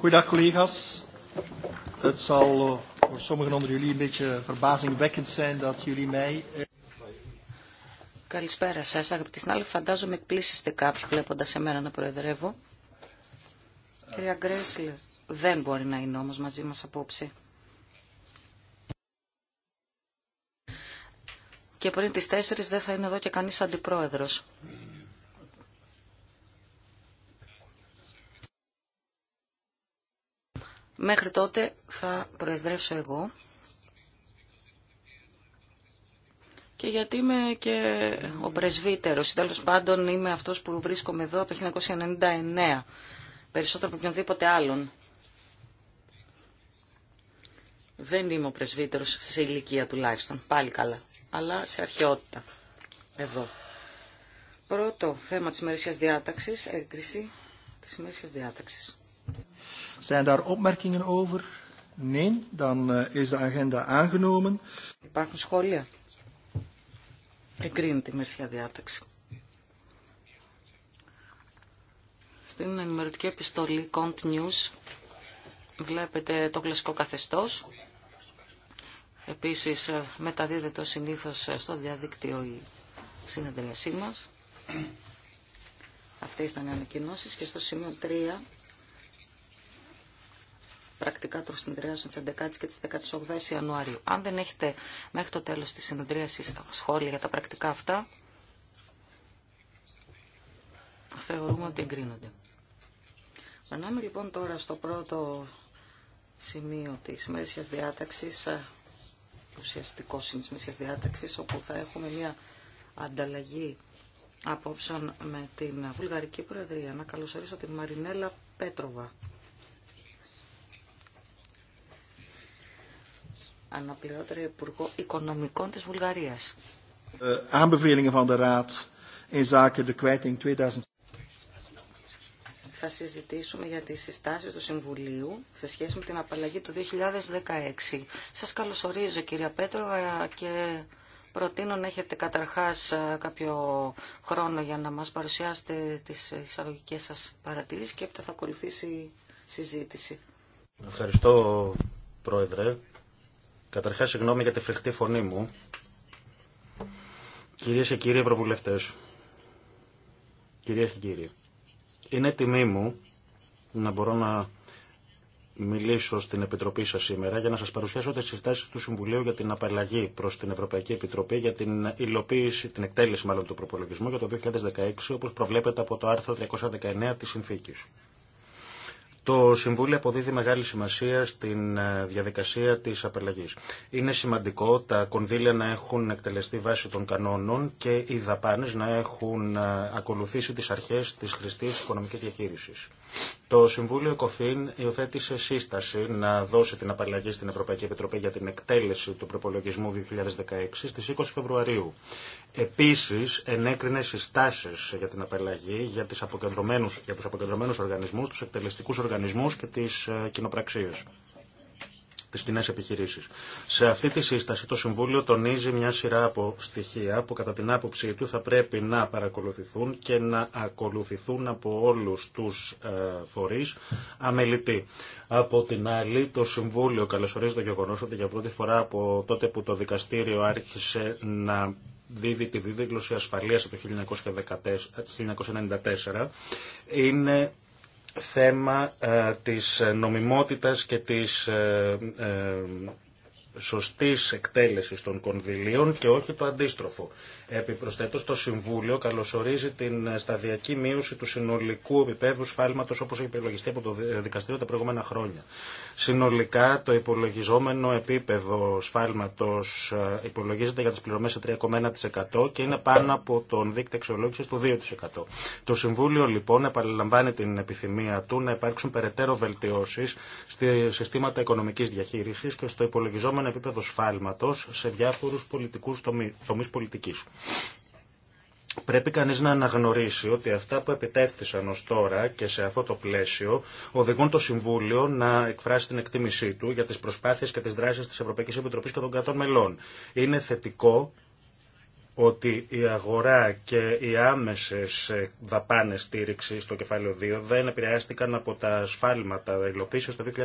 Goedendag collega's. Het zal eh, voor sommigen onder jullie een beetje verbazingwekkend zijn dat jullie mij... Eh, Καλησπέρα σα, αγαπητοί συνάδελφοι. Φαντάζομαι εκπλήσεστε κάποιοι βλέποντα εμένα να προεδρεύω. Κυρία Γκρέσλε, δεν μπορεί να είναι όμω μαζί μα απόψε. Και πριν τι 4 δεν θα είναι εδώ και κανεί αντιπρόεδρο. Μέχρι τότε θα προεσδρεύσω εγώ. Και γιατί είμαι και ο πρεσβύτερος, τέλο πάντων είμαι αυτός που βρίσκομαι εδώ από το 1999, περισσότερο από οποιονδήποτε άλλον. Δεν είμαι ο πρεσβύτερος σε ηλικία τουλάχιστον, πάλι καλά, αλλά σε αρχαιότητα, εδώ. Πρώτο θέμα της ημερήσιας διάταξης, έγκριση της ημερήσιας διάταξης. Υπάρχουν σχόλια. Εγκρίνεται η μερσιά διάταξη. Στην ενημερωτική επιστολή Cont News βλέπετε το κλασικό καθεστώς. Επίσης ε, μεταδίδεται συνήθως ε, στο διαδίκτυο η συνεδρίασή μας. Αυτές ήταν οι ανακοινώσεις και στο σημείο 3 πρακτικά των συνεδριάσεων τη 11η και τη 18η Ιανουαρίου. Αν δεν έχετε μέχρι το τέλο τη συνεδρίαση σχόλια για τα πρακτικά αυτά, θεωρούμε ότι εγκρίνονται. Περνάμε λοιπόν τώρα στο πρώτο σημείο τη μέσια διάταξη, ε, ουσιαστικό σημείο της διάταξης, όπου θα έχουμε μια ανταλλαγή απόψεων με την Βουλγαρική Προεδρία. Να καλωσορίσω την Μαρινέλα Πέτροβα. Αναπληρώτερο Υπουργό Οικονομικών της Βουλγαρίας. Ε, θα συζητήσουμε για τις συστάσεις του Συμβουλίου σε σχέση με την απαλλαγή του 2016. Σας καλωσορίζω κυρία Πέτρο ε, και προτείνω να έχετε καταρχάς ε, κάποιο χρόνο για να μας παρουσιάσετε τις εισαγωγικές σας παρατηρήσεις και έπειτα θα ακολουθήσει συζήτηση. Ευχαριστώ Πρόεδρε. Καταρχάς, συγγνώμη για τη φρικτή φωνή μου. Κυρίες και κύριοι ευρωβουλευτές, κυρίες και κύριοι, είναι τιμή μου να μπορώ να μιλήσω στην Επιτροπή σας σήμερα για να σας παρουσιάσω τις συστάσεις του Συμβουλίου για την απαλλαγή προς την Ευρωπαϊκή Επιτροπή για την υλοποίηση, την εκτέλεση μάλλον του προπολογισμού για το 2016 όπως προβλέπεται από το άρθρο 319 της Συνθήκης. Το Συμβούλιο αποδίδει μεγάλη σημασία στην ε, διαδικασία τη απελλαγή. Είναι σημαντικό τα κονδύλια να έχουν εκτελεστεί βάσει των κανόνων και οι δαπάνε να έχουν ε, ακολουθήσει τι αρχέ τη χρηστή οικονομική διαχείριση. Το Συμβούλιο ΕΚΟΦΗΝ υιοθέτησε σύσταση να δώσει την απαλλαγή στην Ευρωπαϊκή Επιτροπή για την εκτέλεση του προπολογισμού 2016 στις 20 Φεβρουαρίου. Επίσης, ενέκρινε συστάσεις για την απαλλαγή για, τις αποκεντρωμένους, για τους αποκεντρωμένους οργανισμούς, τους εκτελεστικούς οργανισμούς και τις ε, κοινοπραξίες τις κοινέ επιχειρήσεις. Σε αυτή τη σύσταση το Συμβούλιο τονίζει μια σειρά από στοιχεία που κατά την άποψή του θα πρέπει να παρακολουθηθούν και να ακολουθηθούν από όλους τους ε, φορείς αμελητή. Από την άλλη, το Συμβούλιο καλωσορίζει το γεγονό ότι για πρώτη φορά από τότε που το δικαστήριο άρχισε να δίδει τη δίδυγλωση ασφαλείας το 1994, είναι θέμα ε, της νομιμότητας και της ε, ε, σωστής εκτέλεσης των κονδυλίων και όχι το αντίστροφο. Επιπροσθέτω, το Συμβούλιο καλωσορίζει την σταδιακή μείωση του συνολικού επίπεδου σφάλματο όπω έχει υπολογιστεί από το δικαστήριο τα προηγούμενα χρόνια. Συνολικά, το υπολογιζόμενο επίπεδο σφάλματο ε, υπολογίζεται για τι πληρωμέ σε 3,1% και είναι πάνω από τον δείκτη αξιολόγηση του 2%. Το Συμβούλιο, λοιπόν, επαναλαμβάνει την επιθυμία του να υπάρξουν περαιτέρω βελτιώσει στη συστήματα οικονομική διαχείριση και στο υπολογιζόμενο επίπεδο σφάλματο σε διάφορου πολιτικού τομεί πολιτική. Πρέπει κανείς να αναγνωρίσει ότι αυτά που επιτεύχθησαν ως τώρα και σε αυτό το πλαίσιο οδηγούν το Συμβούλιο να εκφράσει την εκτίμησή του για τις προσπάθειες και τις δράσεις της Ευρωπαϊκής Επιτροπής και των κρατών μελών. Είναι θετικό ότι η αγορά και οι άμεσες ε, δαπάνες στήριξη στο κεφάλαιο 2 δεν επηρεάστηκαν από τα ασφάλματα υλοποίησης το 2016.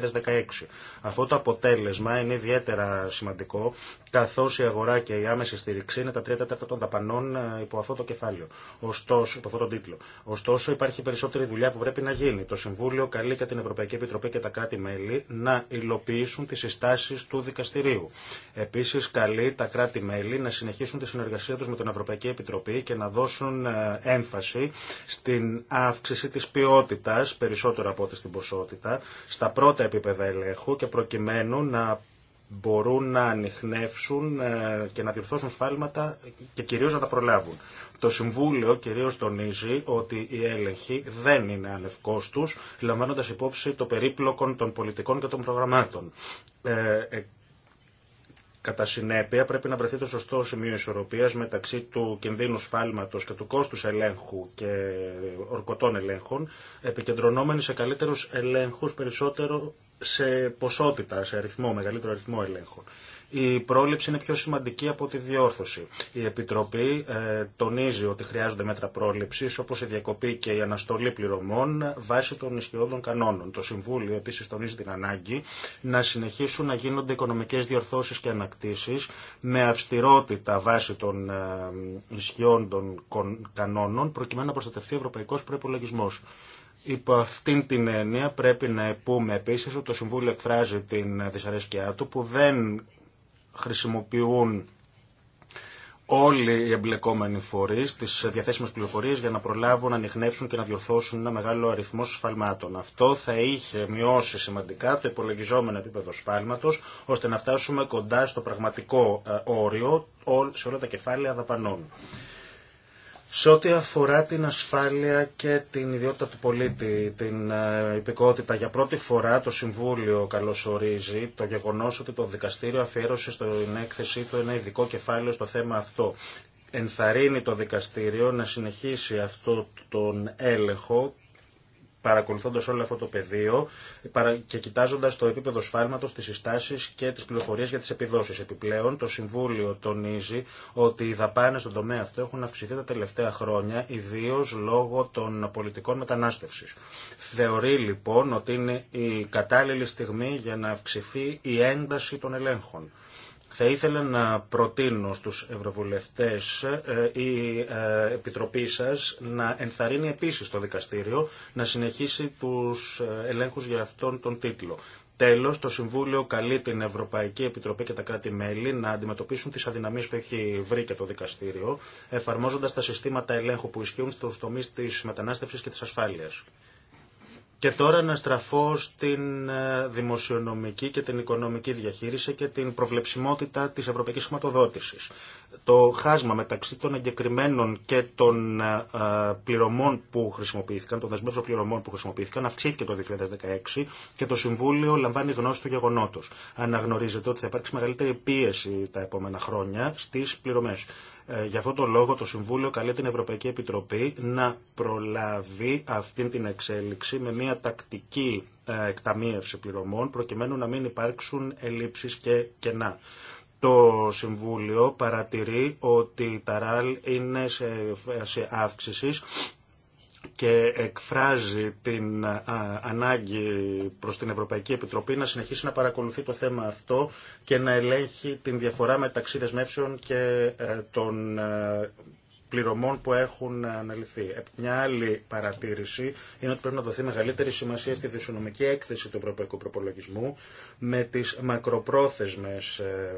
Αυτό το αποτέλεσμα είναι ιδιαίτερα σημαντικό, καθώς η αγορά και η άμεση στήριξη είναι τα 3 τέταρτα των δαπανών ε, υπό αυτό το κεφάλαιο, ωστόσο, υπό αυτό τον τίτλο. Ωστόσο υπάρχει περισσότερη δουλειά που πρέπει να γίνει. Το Συμβούλιο καλεί και την Ευρωπαϊκή Επιτροπή και τα κράτη-μέλη να υλοποιήσουν τις συστάσεις του δικαστηρίου. Επίσης καλεί τα κράτη-μέλη να συνεχίσουν τη συνεργασία με την Ευρωπαϊκή Επιτροπή και να δώσουν ε, έμφαση στην αύξηση της ποιότητας, περισσότερο από ό,τι στην ποσότητα, στα πρώτα επίπεδα ελέγχου και προκειμένου να μπορούν να ανοιχνεύσουν ε, και να διορθώσουν σφάλματα και κυρίως να τα προλάβουν. Το Συμβούλιο κυρίως τονίζει ότι οι έλεγχοι δεν είναι ανευκόστους, λαμβάνοντας υπόψη το περίπλοκο των πολιτικών και των προγραμμάτων. Ε, Κατά συνέπεια, πρέπει να βρεθεί το σωστό σημείο ισορροπία μεταξύ του κινδύνου σφάλματο και του κόστου ελέγχου και ορκωτών ελέγχων, επικεντρωνόμενοι σε καλύτερου ελέγχου περισσότερο σε ποσότητα, σε αριθμό, μεγαλύτερο αριθμό ελέγχων. Η πρόληψη είναι πιο σημαντική από τη διόρθωση. Η Επιτροπή ε, τονίζει ότι χρειάζονται μέτρα πρόληψη, όπω η διακοπή και η αναστολή πληρωμών, βάσει των ισχυρών κανόνων. Το Συμβούλιο επίση τονίζει την ανάγκη να συνεχίσουν να γίνονται οικονομικέ διορθώσει και ανακτήσει με αυστηρότητα βάσει των ε, ισχυών των κανόνων, προκειμένου να προστατευτεί ο ευρωπαϊκό προπολογισμό. Υπό αυτήν την έννοια πρέπει να πούμε επίση ότι το Συμβούλιο εκφράζει την δυσαρέσκειά του που δεν χρησιμοποιούν όλοι οι εμπλεκόμενοι φορεί τι διαθέσιμε πληροφορίε για να προλάβουν, να ανοιχνεύσουν και να διορθώσουν ένα μεγάλο αριθμό σφαλμάτων. Αυτό θα είχε μειώσει σημαντικά το υπολογιζόμενο επίπεδο σφάλματο, ώστε να φτάσουμε κοντά στο πραγματικό ε, όριο σε όλα τα κεφάλαια δαπανών. Σε ό,τι αφορά την ασφάλεια και την ιδιότητα του πολίτη, την ε, υπηκότητα, για πρώτη φορά το Συμβούλιο καλωσορίζει το γεγονός ότι το δικαστήριο αφιέρωσε στην έκθεσή του ένα ειδικό κεφάλαιο στο θέμα αυτό. Ενθαρρύνει το δικαστήριο να συνεχίσει αυτό τον έλεγχο παρακολουθώντα όλο αυτό το πεδίο και κοιτάζοντα το επίπεδο σφάλματο, τι συστάσει και τι πληροφορίε για τι επιδόσει. Επιπλέον, το Συμβούλιο τονίζει ότι οι δαπάνε στον τομέα αυτό έχουν αυξηθεί τα τελευταία χρόνια, ιδίω λόγω των πολιτικών μετανάστευση. Θεωρεί λοιπόν ότι είναι η κατάλληλη στιγμή για να αυξηθεί η ένταση των ελέγχων. Θα ήθελα να προτείνω στους ευρωβουλευτές ε, η ε, Επιτροπή σας να ενθαρρύνει επίσης το δικαστήριο να συνεχίσει τους ε, ελέγχους για αυτόν τον τίτλο. Τέλο, το Συμβούλιο καλεί την Ευρωπαϊκή Επιτροπή και τα κράτη-μέλη να αντιμετωπίσουν τι αδυναμίες που έχει βρει και το δικαστήριο, εφαρμόζοντα τα συστήματα ελέγχου που ισχύουν στου τομεί τη μετανάστευση και τη ασφάλεια. Και τώρα να στραφώ στην ε, δημοσιονομική και την οικονομική διαχείριση και την προβλεψιμότητα της ευρωπαϊκής χρηματοδότησης. Το χάσμα μεταξύ των εγκεκριμένων και των ε, ε, πληρωμών που χρησιμοποιήθηκαν, των δεσμεύσεων πληρωμών που χρησιμοποιήθηκαν, αυξήθηκε το 2016 και το Συμβούλιο λαμβάνει γνώση του γεγονότος. Αναγνωρίζεται ότι θα υπάρξει μεγαλύτερη πίεση τα επόμενα χρόνια στις πληρωμές. Ε, για αυτό το λόγο το Συμβούλιο καλεί την Ευρωπαϊκή Επιτροπή να προλάβει αυτή την εξέλιξη με μια τακτική ε, εκταμείευση πληρωμών προκειμένου να μην υπάρξουν ελλείψεις και κενά. Το Συμβούλιο παρατηρεί ότι τα ΡΑΛ είναι σε αύξησης και εκφράζει την ανάγκη προς την Ευρωπαϊκή Επιτροπή να συνεχίσει να παρακολουθεί το θέμα αυτό και να ελέγχει την διαφορά μεταξύ δεσμεύσεων και ε, των ε, πληρωμών που έχουν αναλυθεί. Ε, μια άλλη παρατήρηση είναι ότι πρέπει να δοθεί μεγαλύτερη σημασία στη δυσονομική έκθεση του Ευρωπαϊκού Προπολογισμού, με τις μακροπρόθεσμες, ε,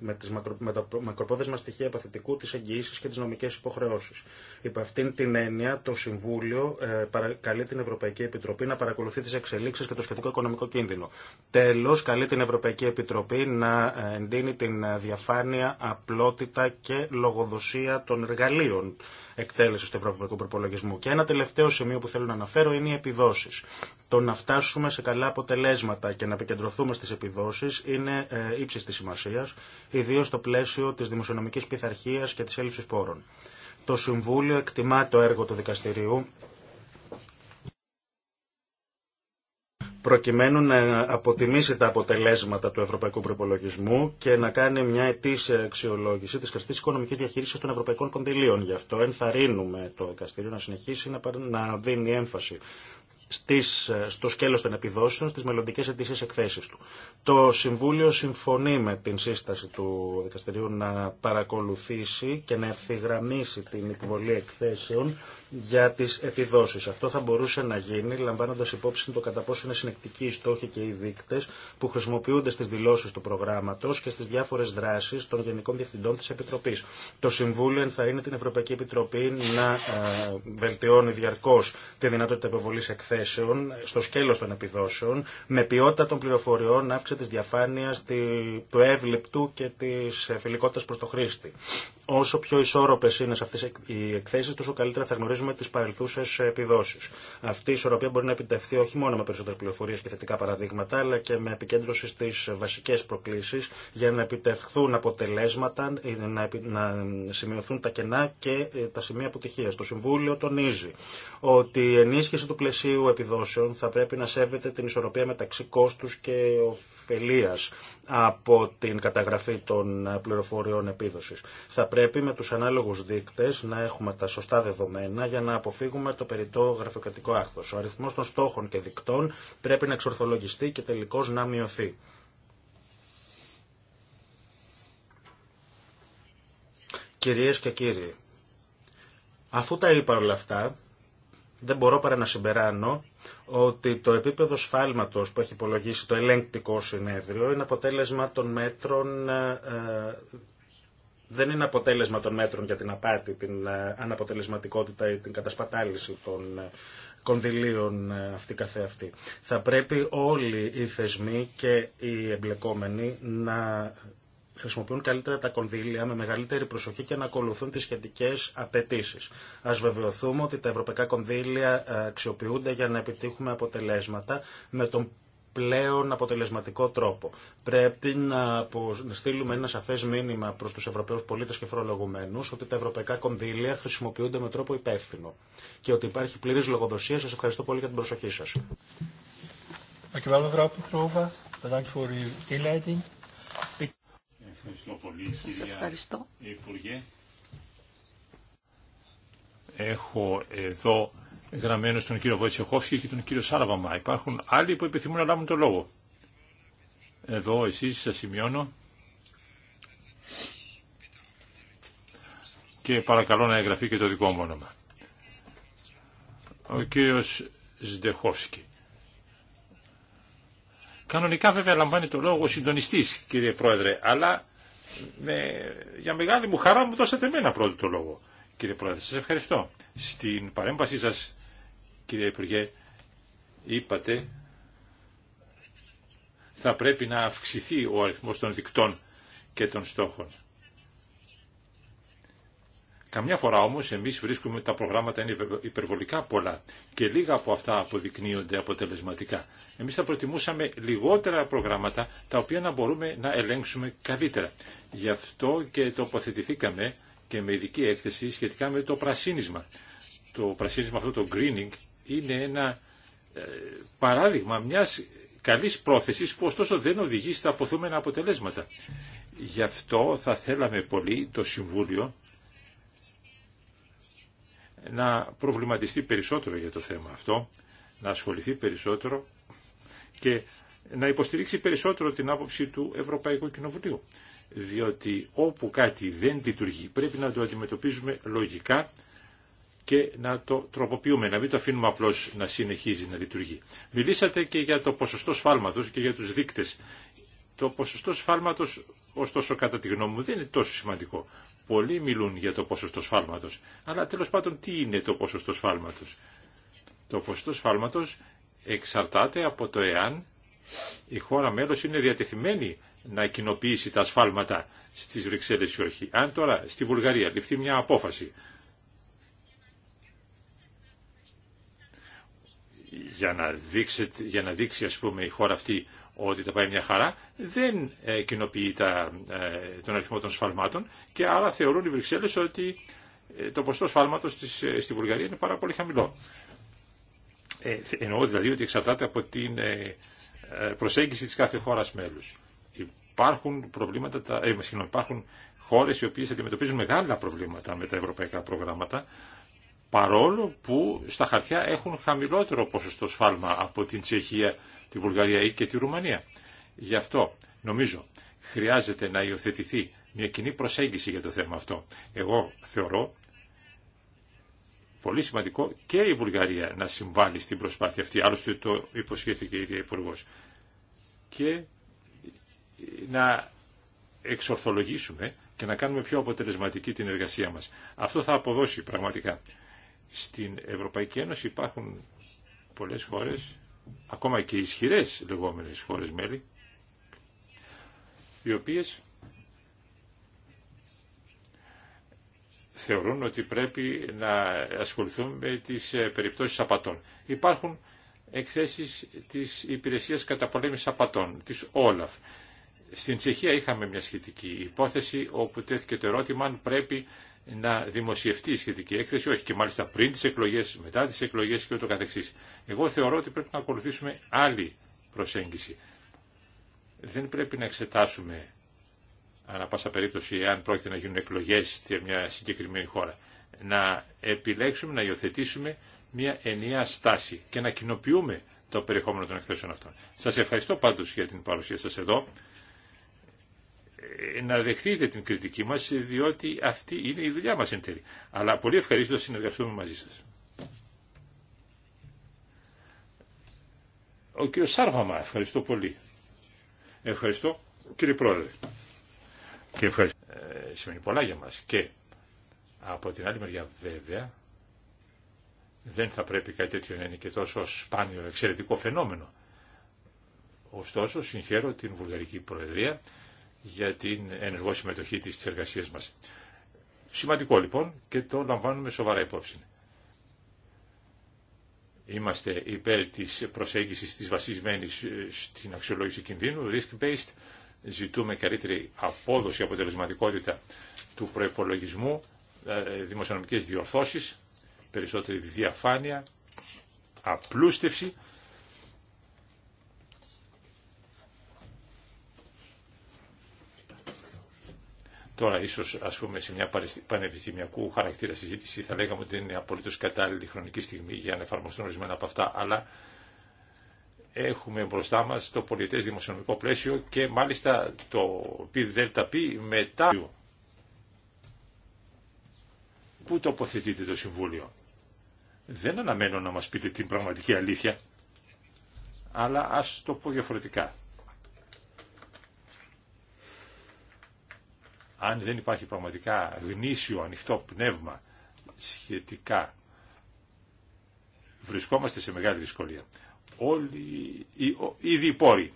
με, τις μακρο, με τα μακροπρόθεσμα στοιχεία παθητικού, τις εγγυήσεις και τις νομικές υποχρεώσεις. Υπ' αυτήν την έννοια το Συμβούλιο ε, καλεί την Ευρωπαϊκή Επιτροπή να παρακολουθεί τις εξελίξεις και το σχετικό οικονομικό κίνδυνο. Τέλος, καλεί την Ευρωπαϊκή Επιτροπή να ε, εντείνει την διαφάνεια, απλότητα και λογοδοσία των εργαλείων Εκτέλεση του Ευρωπαϊκού Προπολογισμού. Και ένα τελευταίο σημείο που θέλω να αναφέρω είναι οι επιδόσεις. Το να φτάσουμε σε καλά αποτελέσματα και να επικεντρωθούμε στις επιδόσεις είναι ε, ύψης της σημασίας, ιδίως στο πλαίσιο της δημοσιονομικής πειθαρχία και της έλλειψης πόρων. Το Συμβούλιο εκτιμά το έργο του δικαστηρίου προκειμένου να αποτιμήσει τα αποτελέσματα του ευρωπαϊκού προπολογισμού και να κάνει μια ετήσια αξιολόγηση τη καστή οικονομική διαχείριση των ευρωπαϊκών κονδυλίων. Γι' αυτό ενθαρρύνουμε το δικαστήριο να συνεχίσει να δίνει έμφαση στις, στο σκέλος των επιδόσεων στις μελλοντικέ αιτήσεις εκθέσεις του. Το Συμβούλιο συμφωνεί με την σύσταση του δικαστηρίου να παρακολουθήσει και να ευθυγραμμίσει την υποβολή εκθέσεων για τις επιδόσεις. Αυτό θα μπορούσε να γίνει λαμβάνοντας υπόψη το κατά πόσο είναι συνεκτικοί οι στόχοι και οι δείκτες που χρησιμοποιούνται στις δηλώσεις του προγράμματος και στις διάφορες δράσεις των Γενικών Διευθυντών της Επιτροπής. Το Συμβούλιο ενθαρρύνει την Ευρωπαϊκή Επιτροπή να ε, βελτιώνει διαρκώς τη δυνατότητα υποβολής εκθέσεων στο σκέλο των επιδόσεων, με ποιότητα των πληροφοριών, αύξηση της διαφάνειας, του εύληπτου και τη φιλικότητας προ το χρήστη. Όσο πιο ισόρροπε είναι σε αυτές οι εκθέσει, τόσο καλύτερα θα γνωρίζουμε τι παρελθούσε επιδόσει. Αυτή η ισορροπία μπορεί να επιτευχθεί όχι μόνο με περισσότερε πληροφορίε και θετικά παραδείγματα, αλλά και με επικέντρωση στι βασικέ προκλήσει για να επιτευχθούν αποτελέσματα, να σημειωθούν τα κενά και ε, τα σημεία αποτυχία. Το Συμβούλιο τονίζει ότι η ενίσχυση του πλαισίου επιδόσεων θα πρέπει να σέβεται την ισορροπία μεταξύ κόστους και ωφελίας από την καταγραφή των πληροφοριών επίδοσης. Θα πρέπει με τους ανάλογους δείκτες να έχουμε τα σωστά δεδομένα για να αποφύγουμε το περιττό γραφειοκρατικό άχθος. Ο αριθμός των στόχων και δικτών πρέπει να εξορθολογιστεί και τελικώς να μειωθεί. Κυρίες και κύριοι, αφού τα είπα όλα αυτά, δεν μπορώ παρά να συμπεράνω ότι το επίπεδο σφάλματος που έχει υπολογίσει το ελεγκτικό συνέδριο είναι αποτέλεσμα των μέτρων ε, ε, δεν είναι αποτέλεσμα των μέτρων για την απάτη, την ε, αναποτελεσματικότητα ή την κατασπατάληση των κονδυλίων αυτή καθεαυτή. Θα πρέπει όλοι οι θεσμοί και οι εμπλεκόμενοι να χρησιμοποιούν καλύτερα τα κονδύλια με μεγαλύτερη προσοχή και να ακολουθούν τι σχετικέ απαιτήσει. Α βεβαιωθούμε ότι τα ευρωπαϊκά κονδύλια ε, αξιοποιούνται για να επιτύχουμε αποτελέσματα με τον πλέον αποτελεσματικό τρόπο. Πρέπει να στείλουμε ένα σαφέ μήνυμα προ του Ευρωπαίου πολίτε και φορολογουμένου ότι τα ευρωπαϊκά κονδύλια χρησιμοποιούνται με τρόπο υπεύθυνο και ότι υπάρχει πλήρη λογοδοσία. Σα ευχαριστώ πολύ για την προσοχή σα. inleiding. Ευχαριστώ πολύ, Σας κυρία ευχαριστώ. Υπουργέ. Έχω εδώ γραμμένο τον κύριο Βοητσεχόφσκι και τον κύριο Σάραβαμα. Υπάρχουν άλλοι που επιθυμούν να λάβουν το λόγο. Εδώ εσείς σας σημειώνω. Και παρακαλώ να εγγραφεί και το δικό μου όνομα. Ο κύριος Ζντεχόφσκι. Κανονικά βέβαια λαμβάνει το λόγο ο συντονιστής κύριε Πρόεδρε, αλλά με, για μεγάλη μου χαρά μου δώσατε εμένα πρώτο το λόγο. Κύριε Πρόεδρε, σας ευχαριστώ. Στην παρέμβασή σας, κύριε Υπουργέ, είπατε θα πρέπει να αυξηθεί ο αριθμός των δικτών και των στόχων. Καμιά φορά όμως εμείς βρίσκουμε ότι τα προγράμματα είναι υπερβολικά πολλά και λίγα από αυτά αποδεικνύονται αποτελεσματικά. Εμείς θα προτιμούσαμε λιγότερα προγράμματα τα οποία να μπορούμε να ελέγξουμε καλύτερα. Γι' αυτό και τοποθετηθήκαμε και με ειδική έκθεση σχετικά με το πρασίνισμα. Το πρασίνισμα αυτό το greening είναι ένα ε, παράδειγμα μιας καλής πρόθεσης που ωστόσο δεν οδηγεί στα αποθούμενα αποτελέσματα. Γι' αυτό θα θέλαμε πολύ το Συμβούλιο να προβληματιστεί περισσότερο για το θέμα αυτό, να ασχοληθεί περισσότερο και να υποστηρίξει περισσότερο την άποψη του Ευρωπαϊκού Κοινοβουλίου. Διότι όπου κάτι δεν λειτουργεί πρέπει να το αντιμετωπίζουμε λογικά και να το τροποποιούμε, να μην το αφήνουμε απλώς να συνεχίζει να λειτουργεί. Μιλήσατε και για το ποσοστό σφάλματος και για τους δείκτες. Το ποσοστό σφάλματος, ωστόσο κατά τη γνώμη μου, δεν είναι τόσο σημαντικό. Πολλοί μιλούν για το ποσοστό σφάλματος. Αλλά τέλος πάντων τι είναι το ποσοστό σφάλματος. Το ποσοστό σφάλματος εξαρτάται από το εάν η χώρα μέλος είναι διατεθειμένη να κοινοποιήσει τα σφάλματα στις Βρυξέλλες ή όχι. Αν τώρα στη Βουλγαρία ληφθεί μια απόφαση για να, δείξει, για να δείξει ας πούμε η χώρα αυτή ότι τα πάει μια χαρά, δεν ε, κοινοποιεί τα, ε, τον αριθμό των σφαλμάτων και άρα θεωρούν οι Βρυξέλλες ότι ε, το ποσοστό σφάλματος στη Βουλγαρία είναι πάρα πολύ χαμηλό. Ε, εννοώ δηλαδή ότι εξαρτάται από την προσέγγιση της κάθε χώρας μέλους. Υπάρχουν, προβλήματα, τα, ε, υπάρχουν χώρες οι οποίες αντιμετωπίζουν μεγάλα προβλήματα με τα ευρωπαϊκά προγράμματα παρόλο που στα χαρτιά έχουν χαμηλότερο ποσοστό σφάλμα από την Τσεχία τη Βουλγαρία ή και τη Ρουμανία. Γι' αυτό νομίζω χρειάζεται να υιοθετηθεί μια κοινή προσέγγιση για το θέμα αυτό. Εγώ θεωρώ πολύ σημαντικό και η Βουλγαρία να συμβάλλει στην προσπάθεια αυτή, άλλωστε το υποσχέθηκε η ίδια υπουργό. Και να εξορθολογήσουμε και να κάνουμε πιο αποτελεσματική την εργασία μας. Αυτό θα αποδώσει πραγματικά. Στην Ευρωπαϊκή Ένωση υπάρχουν πολλές χώρες ακόμα και ισχυρές λεγόμενες χώρες μέλη, οι οποίες θεωρούν ότι πρέπει να ασχοληθούν με τις ε, περιπτώσεις απατών. Υπάρχουν εκθέσεις της Υπηρεσίας Καταπολέμησης Απατών, της Όλαφ. Στην Τσεχία είχαμε μια σχετική υπόθεση όπου τέθηκε το ερώτημα αν πρέπει να δημοσιευτεί η σχετική έκθεση, όχι και μάλιστα πριν τις εκλογές, μετά τις εκλογές και ούτω καθεξής. Εγώ θεωρώ ότι πρέπει να ακολουθήσουμε άλλη προσέγγιση. Δεν πρέπει να εξετάσουμε ανά πάσα περίπτωση αν πρόκειται να γίνουν εκλογές σε μια συγκεκριμένη χώρα. Να επιλέξουμε, να υιοθετήσουμε μια ενιαία στάση και να κοινοποιούμε το περιεχόμενο των εκθέσεων αυτών. Σας ευχαριστώ πάντως για την παρουσία σας εδώ να δεχτείτε την κριτική μας, διότι αυτή είναι η δουλειά μας εν τέλει. Αλλά πολύ να συνεργαστούμε μαζί σας. Ο κύριος Σάρβαμα, ευχαριστώ πολύ. Ευχαριστώ κύριε Πρόεδρε. Και ευχαριστώ. Ε, σημαίνει πολλά για μας. Και από την άλλη μεριά βέβαια δεν θα πρέπει κάτι τέτοιο να είναι και τόσο σπάνιο, εξαιρετικό φαινόμενο. Ωστόσο, συγχαίρω την Βουλγαρική Προεδρία για την ενεργό συμμετοχή της εργασία μας. Σημαντικό λοιπόν και το λαμβάνουμε σοβαρά υπόψη. Είμαστε υπέρ της προσέγγισης της βασισμένης ε, στην αξιολόγηση κινδύνου, risk-based, ζητούμε καλύτερη απόδοση, αποτελεσματικότητα του προϋπολογισμού, ε, δημοσιονομικές διορθώσεις, περισσότερη διαφάνεια, απλούστευση Τώρα ίσως ας πούμε σε μια πανεπιστημιακού χαρακτήρα συζήτηση θα λέγαμε ότι είναι απολύτω κατάλληλη χρονική στιγμή για να εφαρμοστούν ορισμένα από αυτά, αλλά έχουμε μπροστά μας το πολιτέ δημοσιονομικό πλαίσιο και μάλιστα το ΠΔΠ μετά Πού τοποθετείτε το Συμβούλιο. Δεν αναμένω να μας πείτε την πραγματική αλήθεια, αλλά ας το πω διαφορετικά. αν δεν υπάρχει πραγματικά γνήσιο ανοιχτό πνεύμα σχετικά, βρισκόμαστε σε μεγάλη δυσκολία. Όλοι, οι οι πόροι,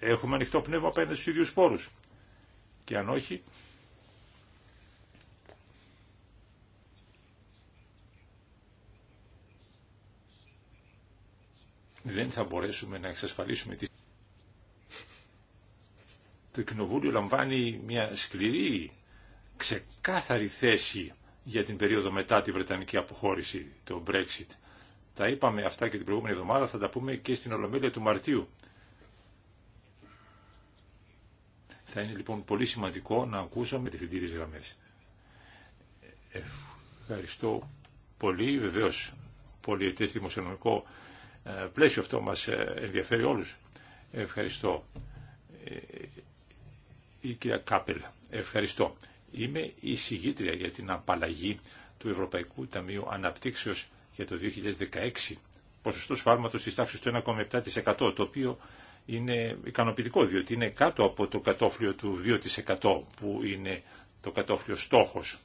έχουμε ανοιχτό πνεύμα απέναντι στους ίδιους πόρους. Και αν όχι, δεν θα μπορέσουμε να εξασφαλίσουμε τις το Κοινοβούλιο λαμβάνει μια σκληρή, ξεκάθαρη θέση για την περίοδο μετά τη Βρετανική αποχώρηση, το Brexit. Τα είπαμε αυτά και την προηγούμενη εβδομάδα, θα τα πούμε και στην Ολομέλεια του Μαρτίου. Θα είναι λοιπόν πολύ σημαντικό να ακούσαμε διευθυντήριες γραμμέ. Ευχαριστώ πολύ. Βεβαίως, πολιετές δημοσιονομικό ε, πλαίσιο αυτό μας ε, ενδιαφέρει όλους. Ευχαριστώ ε, η κυρία Κάπελ, ευχαριστώ. Είμαι η συγγήτρια για την απαλλαγή του Ευρωπαϊκού Ταμείου Αναπτύξεως για το 2016. Ποσοστό φάρματο της τάξης του 1,7% το οποίο είναι ικανοποιητικό διότι είναι κάτω από το κατόφλιο του 2% που είναι το κατόφλιο στόχος.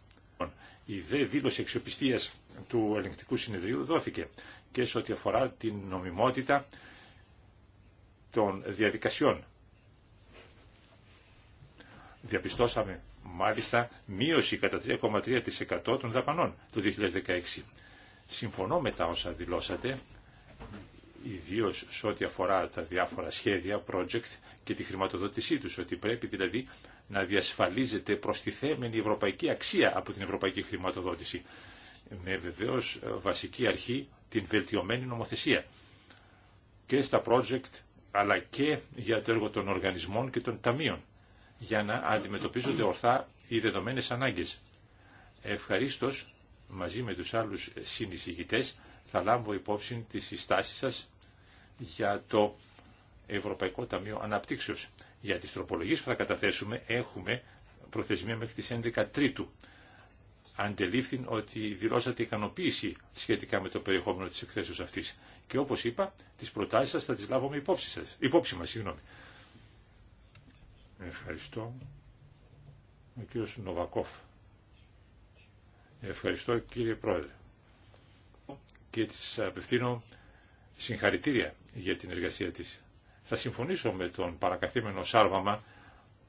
Η δε δήλωση αξιοπιστίας του ελεγκτικού συνεδρίου δόθηκε και σε ό,τι αφορά την νομιμότητα των διαδικασιών διαπιστώσαμε μάλιστα μείωση κατά 3,3% των δαπανών το 2016. Συμφωνώ με τα όσα δηλώσατε, ιδίω σε ό,τι αφορά τα διάφορα σχέδια, project και τη χρηματοδότησή τους, ότι πρέπει δηλαδή να διασφαλίζεται προστιθέμενη ευρωπαϊκή αξία από την ευρωπαϊκή χρηματοδότηση, με βεβαίω ε, βασική αρχή την βελτιωμένη νομοθεσία και στα project αλλά και για το έργο των οργανισμών και των ταμείων για να αντιμετωπίζονται ορθά οι δεδομένες ανάγκες. Ευχαρίστως, μαζί με τους άλλους συνεισηγητές, θα λάβω υπόψη τις συστάσεις σας για το Ευρωπαϊκό Ταμείο Αναπτύξεως. Για τις τροπολογίες που θα καταθέσουμε έχουμε προθεσμία μέχρι τις 11 Τρίτου. Αντελήφθην ότι δηλώσατε ικανοποίηση σχετικά με το περιεχόμενο της εκθέσεως αυτής. Και όπως είπα, τις προτάσεις σας θα τις λάβουμε υπόψη, σας, υπόψη μας. Ευχαριστώ. Ο κύριος Νοβακόφ. Ευχαριστώ κύριε Πρόεδρε. Και τη απευθύνω συγχαρητήρια για την εργασία της. Θα συμφωνήσω με τον παρακαθήμενο Σάρβαμα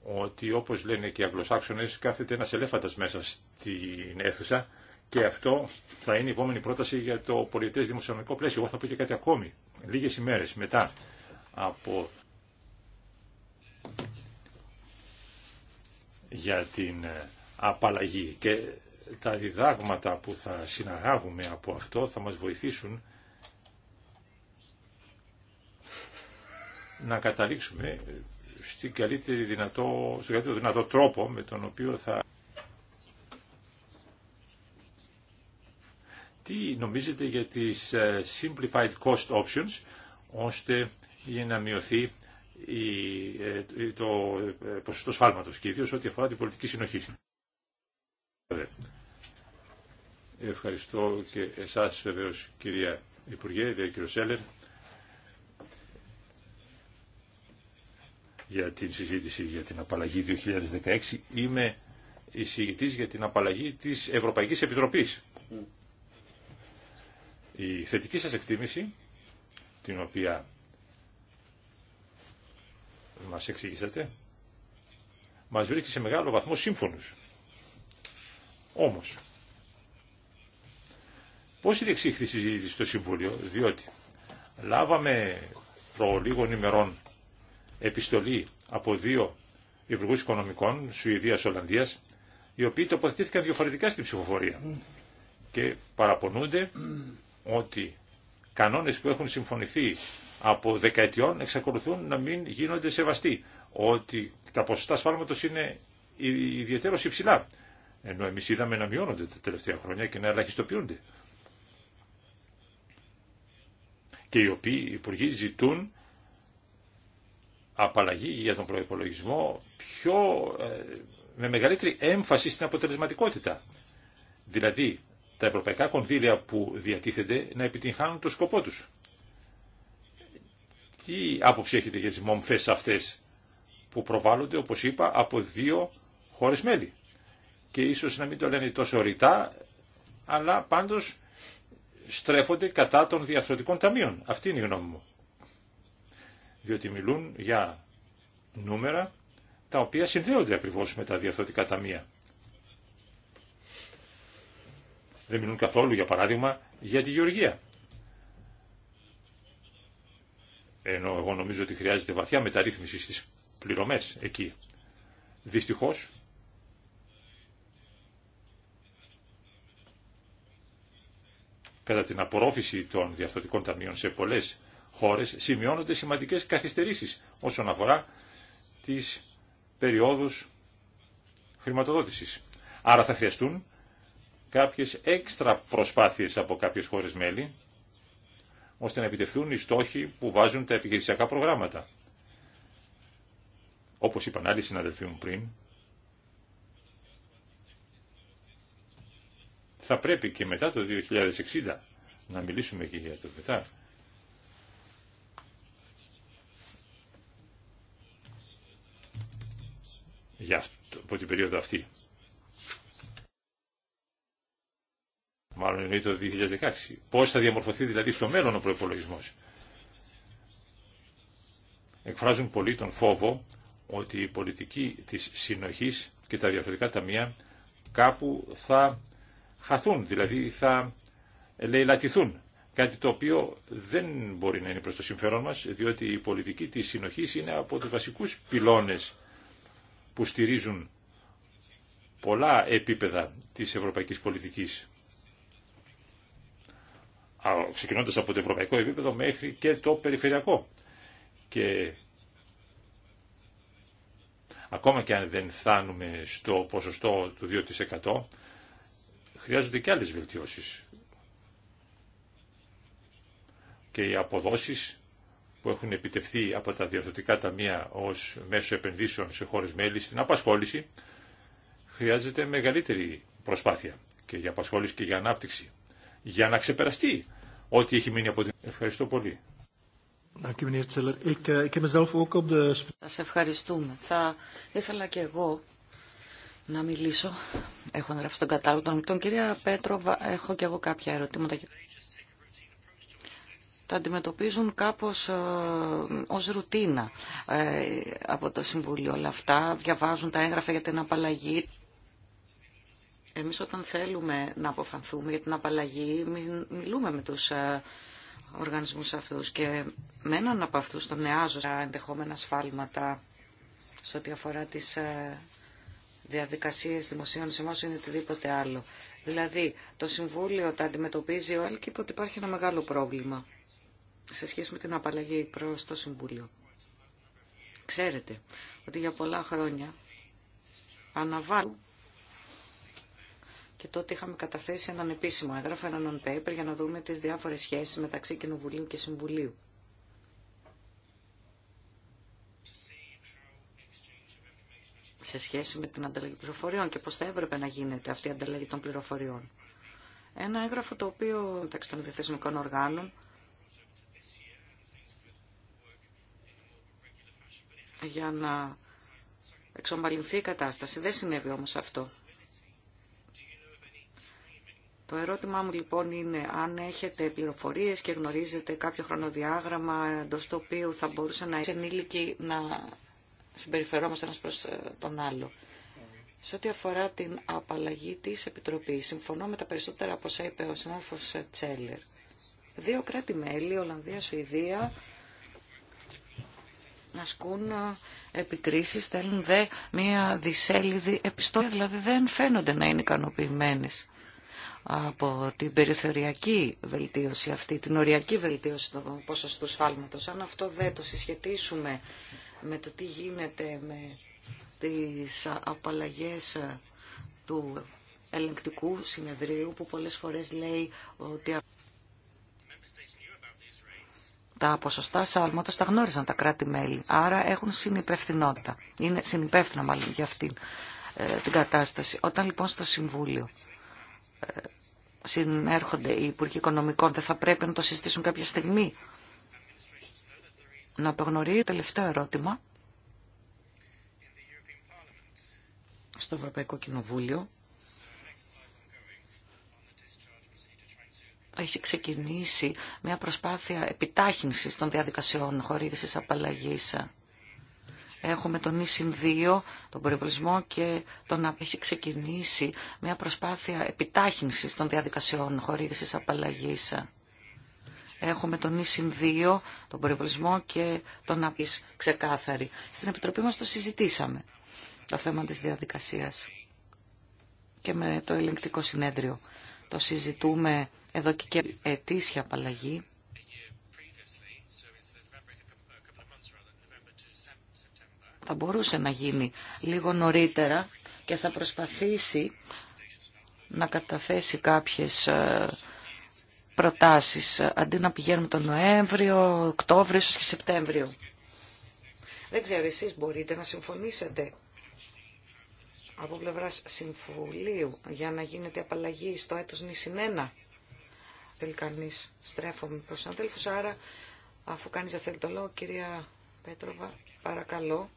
ότι όπως λένε και οι Αγγλοσάξονες κάθεται ένας ελέφαντας μέσα στην αίθουσα και αυτό θα είναι η επόμενη πρόταση για το πολιτές δημοσιονομικό πλαίσιο. Εγώ θα πω και κάτι ακόμη. Λίγες ημέρες μετά από για την ε, απαλλαγή και τα διδάγματα που θα συναγάγουμε από αυτό θα μας βοηθήσουν να καταλήξουμε στην καλύτερη δυνατό, στον καλύτερο δυνατό τρόπο με τον οποίο θα... Τι νομίζετε για τις ε, simplified cost options ώστε για να μειωθεί ε, το ε, ποσοστό σφάλματος και ιδίως ό,τι αφορά την πολιτική συνοχή. Ευχαριστώ και εσάς βεβαίως κυρία Υπουργέ, κύριο Σέλερ, για την συζήτηση για την απαλλαγή 2016. Είμαι εισηγητής για την απαλλαγή της Ευρωπαϊκής Επιτροπής. Mm. Η θετική σας εκτίμηση, την οποία μας εξηγήσατε μας βρίσκει σε μεγάλο βαθμό σύμφωνους. Όμως, πώς η συζήτηση στο Συμβούλιο, διότι λάβαμε προ λίγων ημερών επιστολή από δύο υπουργούς οικονομικών, Σουηδίας, Ολλανδίας, οι οποίοι τοποθετήθηκαν διαφορετικά στην ψηφοφορία και παραπονούνται ότι κανόνες που έχουν συμφωνηθεί από δεκαετιών εξακολουθούν να μην γίνονται σεβαστοί. Ότι τα ποσοστά σφάλματος είναι ιδιαίτερως υψηλά. Ενώ εμείς είδαμε να μειώνονται τα τελευταία χρόνια και να ελαχιστοποιούνται. Και οι οποίοι οι υπουργοί ζητούν απαλλαγή για τον προϋπολογισμό πιο, ε, με μεγαλύτερη έμφαση στην αποτελεσματικότητα. Δηλαδή τα ευρωπαϊκά κονδύλια που διατίθενται να επιτυγχάνουν το σκοπό τους. Τι άποψη έχετε για τις μομφές αυτές που προβάλλονται, όπως είπα, από δύο χώρες μέλη. Και ίσως να μην το λένε τόσο ρητά, αλλά πάντως στρέφονται κατά των διαφθορτικών ταμείων. Αυτή είναι η γνώμη μου. Διότι μιλούν για νούμερα τα οποία συνδέονται ακριβώς με τα διαφθορτικά ταμεία. Δεν μιλούν καθόλου, για παράδειγμα, για τη γεωργία. ενώ εγώ νομίζω ότι χρειάζεται βαθιά μεταρρύθμιση στις πληρωμές εκεί. Δυστυχώς, κατά την απορρόφηση των διαφθορτικών ταμείων σε πολλές χώρες, σημειώνονται σημαντικές καθυστερήσεις όσον αφορά τις περιόδους χρηματοδότησης. Άρα θα χρειαστούν κάποιες έξτρα προσπάθειες από κάποιες χώρες μέλη ώστε να επιτευχθούν οι στόχοι που βάζουν τα επιχειρησιακά προγράμματα. Όπως είπαν άλλοι συναδελφοί μου πριν, θα πρέπει και μετά το 2060 να μιλήσουμε και για το μετά. Για αυτό, από την περίοδο αυτή. μάλλον εννοεί το 2016. Πώς θα διαμορφωθεί δηλαδή στο μέλλον ο προπολογισμό. Εκφράζουν πολύ τον φόβο ότι η πολιτική της συνοχής και τα διαφορετικά ταμεία κάπου θα χαθούν, δηλαδή θα λαιλατηθούν. Κάτι το οποίο δεν μπορεί να είναι προς το συμφέρον μας, διότι η πολιτική της συνοχής είναι από τους βασικούς πυλώνες που στηρίζουν πολλά επίπεδα της ευρωπαϊκής πολιτικής ξεκινώντας από το ευρωπαϊκό επίπεδο μέχρι και το περιφερειακό. Και ακόμα και αν δεν φτάνουμε στο ποσοστό του 2% χρειάζονται και άλλες βελτιώσεις. Και οι αποδόσεις που έχουν επιτευχθεί από τα διορθωτικά ταμεία ως μέσο επενδύσεων σε χώρες μέλη στην απασχόληση χρειάζεται μεγαλύτερη προσπάθεια και για απασχόληση και για ανάπτυξη για να ξεπεραστεί ό,τι έχει μείνει από την... Ευχαριστώ πολύ. Eh, Σα ευχαριστούμε. Θα ήθελα και εγώ να μιλήσω. Έχω εγγραφεί στον κατάλογο των μιλητών. Κυρία Πέτροβα, έχω και εγώ κάποια ερωτήματα. Τα αντιμετωπίζουν κάπως ε, ως ρουτίνα ε, από το Συμβούλιο όλα αυτά. Διαβάζουν τα έγγραφα για την απαλλαγή. Εμείς όταν θέλουμε να αποφανθούμε για την απαλλαγή, μιλούμε με τους ε, οργανισμούς αυτούς και με έναν από αυτούς τον νεάζω ενδεχόμενα σφάλματα σε ό,τι αφορά τις ε, διαδικασίες δημοσίων συμβάσεων ή οτιδήποτε άλλο. Δηλαδή, το Συμβούλιο τα αντιμετωπίζει όλοι και είπε ότι υπάρχει ένα μεγάλο πρόβλημα σε σχέση με την απαλλαγή προς το Συμβούλιο. Ξέρετε ότι για πολλά χρόνια αναβάλλουν και τότε είχαμε καταθέσει έναν επίσημο έγγραφο, έναν non-paper, για να δούμε τις διάφορες σχέσεις μεταξύ Κοινοβουλίου και Συμβουλίου. σε σχέση με την ανταλλαγή πληροφοριών και πώς θα έπρεπε να γίνεται αυτή η ανταλλαγή των πληροφοριών. Ένα έγγραφο το οποίο, μεταξύ των διαθεσμικών οργάνων, για να εξομαλυνθεί η κατάσταση. Δεν συνέβη όμως αυτό. Το ερώτημά μου λοιπόν είναι αν έχετε πληροφορίες και γνωρίζετε κάποιο χρονοδιάγραμμα εντό του οποίο θα μπορούσε να ενήλικοι να συμπεριφερόμαστε ένας προς ε, τον άλλο. Σε ό,τι αφορά την απαλλαγή της Επιτροπής, συμφωνώ με τα περισσότερα από όσα είπε ο συνάδελφος Τσέλερ. Δύο κράτη-μέλη, Ολλανδία, Σουηδία, ασκούν ε, επικρίσει, θέλουν δε μία δυσέλιδη επιστολή, δηλαδή δεν φαίνονται να είναι ικανοποιημένες από την περιθωριακή βελτίωση αυτή, την οριακή βελτίωση των ποσοστού σφάλματος. Αν αυτό δεν το συσχετίσουμε με το τι γίνεται με τις απαλλαγές του ελεγκτικού συνεδρίου που πολλές φορές λέει ότι τα ποσοστά σάλματος τα γνώριζαν τα κράτη-μέλη. Άρα έχουν συνυπευθυνότητα. Είναι συνυπεύθυνα μάλλον για αυτή ε, την κατάσταση. Όταν λοιπόν στο Συμβούλιο συνέρχονται οι Υπουργοί Οικονομικών δεν θα πρέπει να το συζητήσουν κάποια στιγμή. Να το γνωρίζει τελευταίο ερώτημα. Στο Ευρωπαϊκό Κοινοβούλιο έχει ξεκινήσει μια προσπάθεια επιτάχυνσης των διαδικασιών χωρίς απαλλαγής Έχουμε τον ΙΣΙΝΔΙΟ, τον προϋπολισμό και το να έχει ξεκινήσει μια προσπάθεια επιτάχυνσης των διαδικασιών χορήγησης απαλλαγής. Έχουμε τον ΙΣΙΝΔΙΟ, τον προϋπολισμό και τον να ξεκάθαρη. Στην Επιτροπή μας το συζητήσαμε, το θέμα της διαδικασίας και με το ελεγκτικό συνέδριο. Το συζητούμε εδώ και, και ετήσια απαλλαγή θα μπορούσε να γίνει λίγο νωρίτερα και θα προσπαθήσει να καταθέσει κάποιες ε, προτάσεις αντί να πηγαίνουμε τον Νοέμβριο, Οκτώβριο, ίσως και Σεπτέμβριο. Δεν ξέρω, εσείς μπορείτε να συμφωνήσετε από πλευρά Συμφουλίου για να γίνεται απαλλαγή στο έτος νησινένα. Θέλει κανείς, στρέφομαι προς αδέλφους, άρα αφού κανείς δεν θέλει το λόγο, κυρία Πέτροβα, παρακαλώ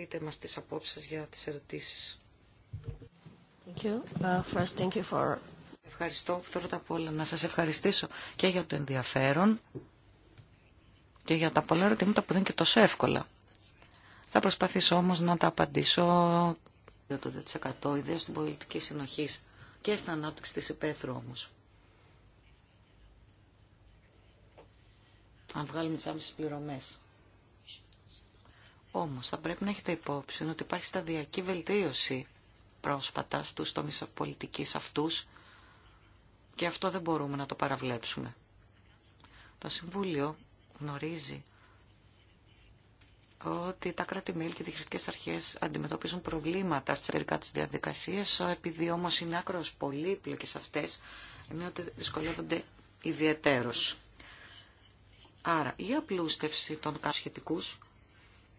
πείτε μας τις απόψεις για τις ερωτήσεις. Thank you. Uh, first, thank you for... Ευχαριστώ πρώτα απ' όλα να σας ευχαριστήσω και για το ενδιαφέρον και για τα πολλά ερωτήματα που δεν είναι και τόσο εύκολα. Θα προσπαθήσω όμως να τα απαντήσω για το 2% ιδέως στην πολιτική συνοχή και στην ανάπτυξη της υπαίθρου όμως. Αν βγάλουμε τις άμεσες πληρωμές. Όμως θα πρέπει να έχετε υπόψη ότι υπάρχει σταδιακή βελτίωση πρόσφατα στους τομείς πολιτικής αυτούς και αυτό δεν μπορούμε να το παραβλέψουμε. Το Συμβούλιο γνωρίζει ότι τα κράτη-μέλη και οι διχρηστικές αρχές αντιμετωπίζουν προβλήματα στις εταιρικά της διαδικασίας, επειδή όμως είναι άκρος πολύπλοκες αυτές, είναι ότι δυσκολεύονται ιδιαιτέρως. Άρα, η απλούστευση των σχετικούς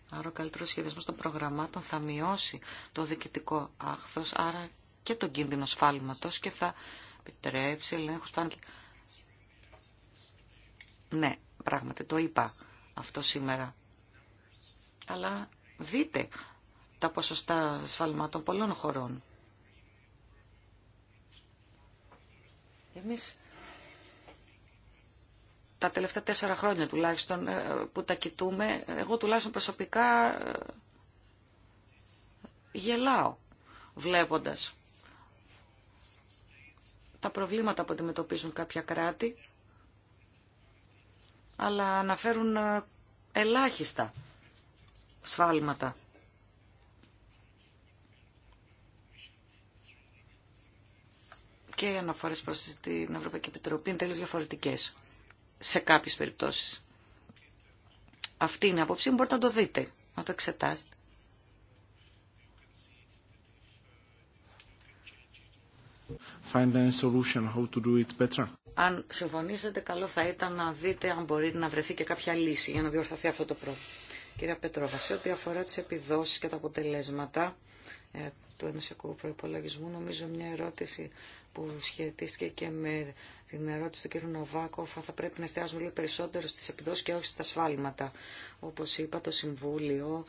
Άρα ο καλύτερο σχεδιασμό των προγραμμάτων θα μειώσει το διοικητικό άχθος, άρα και τον κίνδυνο σφάλματος και θα επιτρέψει ελέγχους Ναι, πράγματι το είπα αυτό σήμερα. Αλλά δείτε τα ποσοστά σφάλματων πολλών χωρών. Εμείς τα τελευταία τέσσερα χρόνια τουλάχιστον ε, που τα κοιτούμε, εγώ τουλάχιστον προσωπικά ε, γελάω βλέποντας τα προβλήματα που αντιμετωπίζουν κάποια κράτη, αλλά αναφέρουν ε, ελάχιστα σφάλματα. Και οι αναφορές προς την Ευρωπαϊκή Επιτροπή είναι τελείως διαφορετικές σε κάποιες περιπτώσεις. Αυτή είναι η απόψη μου, μπορείτε να το δείτε, να το εξετάσετε. Find a solution how to do it better. Αν συμφωνήσετε, καλό θα ήταν να δείτε αν μπορεί να βρεθεί και κάποια λύση για να διορθωθεί αυτό το πρόβλημα. Κυρία Πετρόβα, σε ό,τι αφορά τις επιδόσεις και τα αποτελέσματα ε, του ενωσιακού προϋπολογισμού, νομίζω μια ερώτηση που σχετίστηκε και με την ερώτηση του κ. Νοβάκοφα θα πρέπει να εστιάζουμε λίγο περισσότερο στις επιδόσεις και όχι στα σφάλματα. Όπως είπα, το Συμβούλιο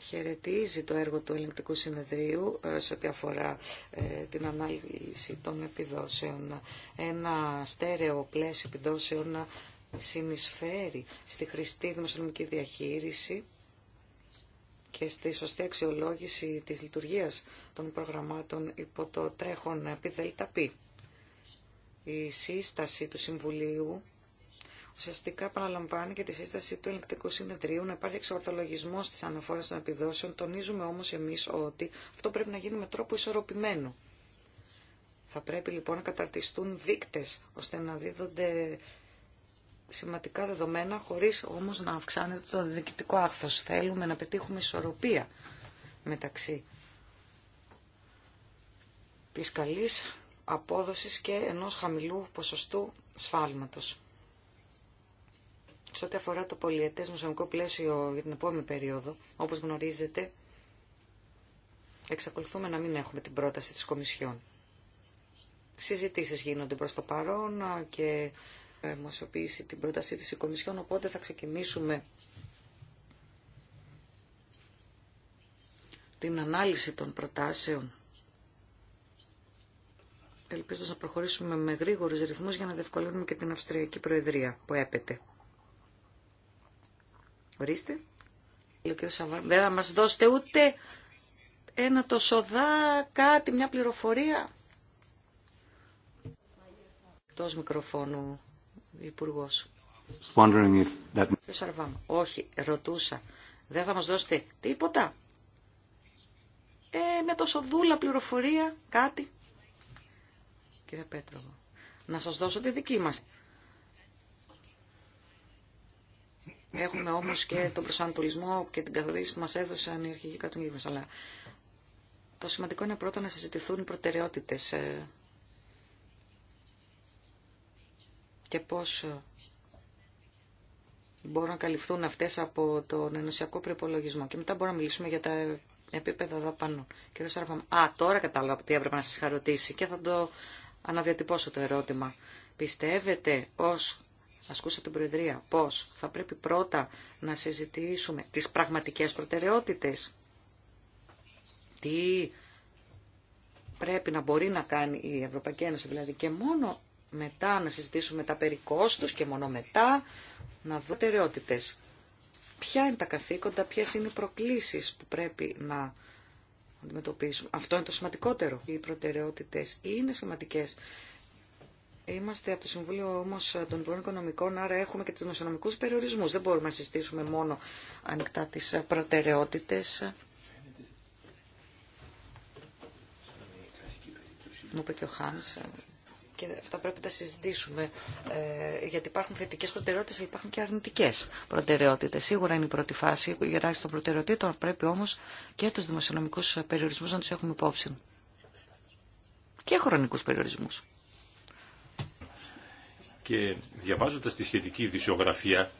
χαιρετίζει το έργο του ελεγκτικού συνεδρίου ε, σε ό,τι αφορά ε, την ανάλυση των επιδόσεων. Ένα στέρεο πλαίσιο επιδόσεων συνεισφέρει στη χρηστή δημοσιονομική διαχείριση και στη σωστή αξιολόγηση της λειτουργίας των προγραμμάτων υπό το τρέχον επιδελταπή η σύσταση του Συμβουλίου ουσιαστικά παραλαμβάνει και τη σύσταση του Ελεκτικού συνεδρίου να υπάρχει εξορθολογισμό τη αναφορά των επιδόσεων. Τονίζουμε όμω εμεί ότι αυτό πρέπει να γίνει με τρόπο ισορροπημένο. Θα πρέπει λοιπόν να καταρτιστούν δείκτε ώστε να δίδονται σημαντικά δεδομένα χωρίς όμως να αυξάνεται το διοικητικό άρθρος Θέλουμε να πετύχουμε ισορροπία μεταξύ της καλή απόδοσης και ενός χαμηλού ποσοστού σφάλματος. Σε ό,τι αφορά το πολιετές μουσιονικό πλαίσιο για την επόμενη περίοδο, όπως γνωρίζετε, εξακολουθούμε να μην έχουμε την πρόταση της Κομισιόν. Συζητήσεις γίνονται προς το παρόν και δημοσιοποιήσει την πρότασή της Κομισιόν, οπότε θα ξεκινήσουμε την ανάλυση των προτάσεων ελπίζω να προχωρήσουμε με γρήγορους ρυθμούς για να διευκολύνουμε και την Αυστριακή Προεδρία που έπεται. Ορίστε. Δεν θα μας δώσετε ούτε ένα το σοδά, κάτι, μια πληροφορία. Εκτός μικροφώνου, Υπουργός. That... Όχι, ρωτούσα. Δεν θα μας δώσετε τίποτα. Ε, με τόσο δούλα πληροφορία, κάτι κύριε Πέτροβο. Να σας δώσω τη δική μας. Έχουμε όμως και τον προσανατολισμό και την καθοδήγηση που μας έδωσαν οι αρχηγοί κατοικίες. Αλλά το σημαντικό είναι πρώτα να συζητηθούν οι προτεραιότητες ε, και πώς ε, μπορούν να καλυφθούν αυτές από τον ενωσιακό προπολογισμό. Και μετά μπορούμε να μιλήσουμε για τα επίπεδα πάνω. Κύριε Σάραφα, α, τώρα κατάλαβα τι έπρεπε να σας χαρωτήσει και θα το αναδιατυπώσω το ερώτημα. Πιστεύετε ως ασκούσα την Προεδρία πως θα πρέπει πρώτα να συζητήσουμε τις πραγματικές προτεραιότητες. Τι πρέπει να μπορεί να κάνει η Ευρωπαϊκή Ένωση δηλαδή και μόνο μετά να συζητήσουμε τα περί κόστους και μόνο μετά να δούμε προτεραιότητες. Ποια είναι τα καθήκοντα, ποιες είναι οι προκλήσεις που πρέπει να αυτό είναι το σημαντικότερο. Οι προτεραιότητες είναι σημαντικέ. Είμαστε από το Συμβούλιο όμω των Υπουργών Οικονομικών, άρα έχουμε και του δημοσιονομικού περιορισμού. Δεν μπορούμε να συστήσουμε μόνο ανοιχτά τι προτεραιότητε. Μου είπε και ο Χάνς, και αυτά πρέπει να τα συζητήσουμε ε, γιατί υπάρχουν θετικέ προτεραιότητε, αλλά υπάρχουν και αρνητικέ προτεραιότητε. Σίγουρα είναι η πρώτη φάση, η γεράρχηση των προτεραιοτήτων πρέπει όμω και του δημοσιονομικού περιορισμού να του έχουμε υπόψη. Και χρονικού περιορισμού. Και διαβάζοντα τη σχετική δισιογραφία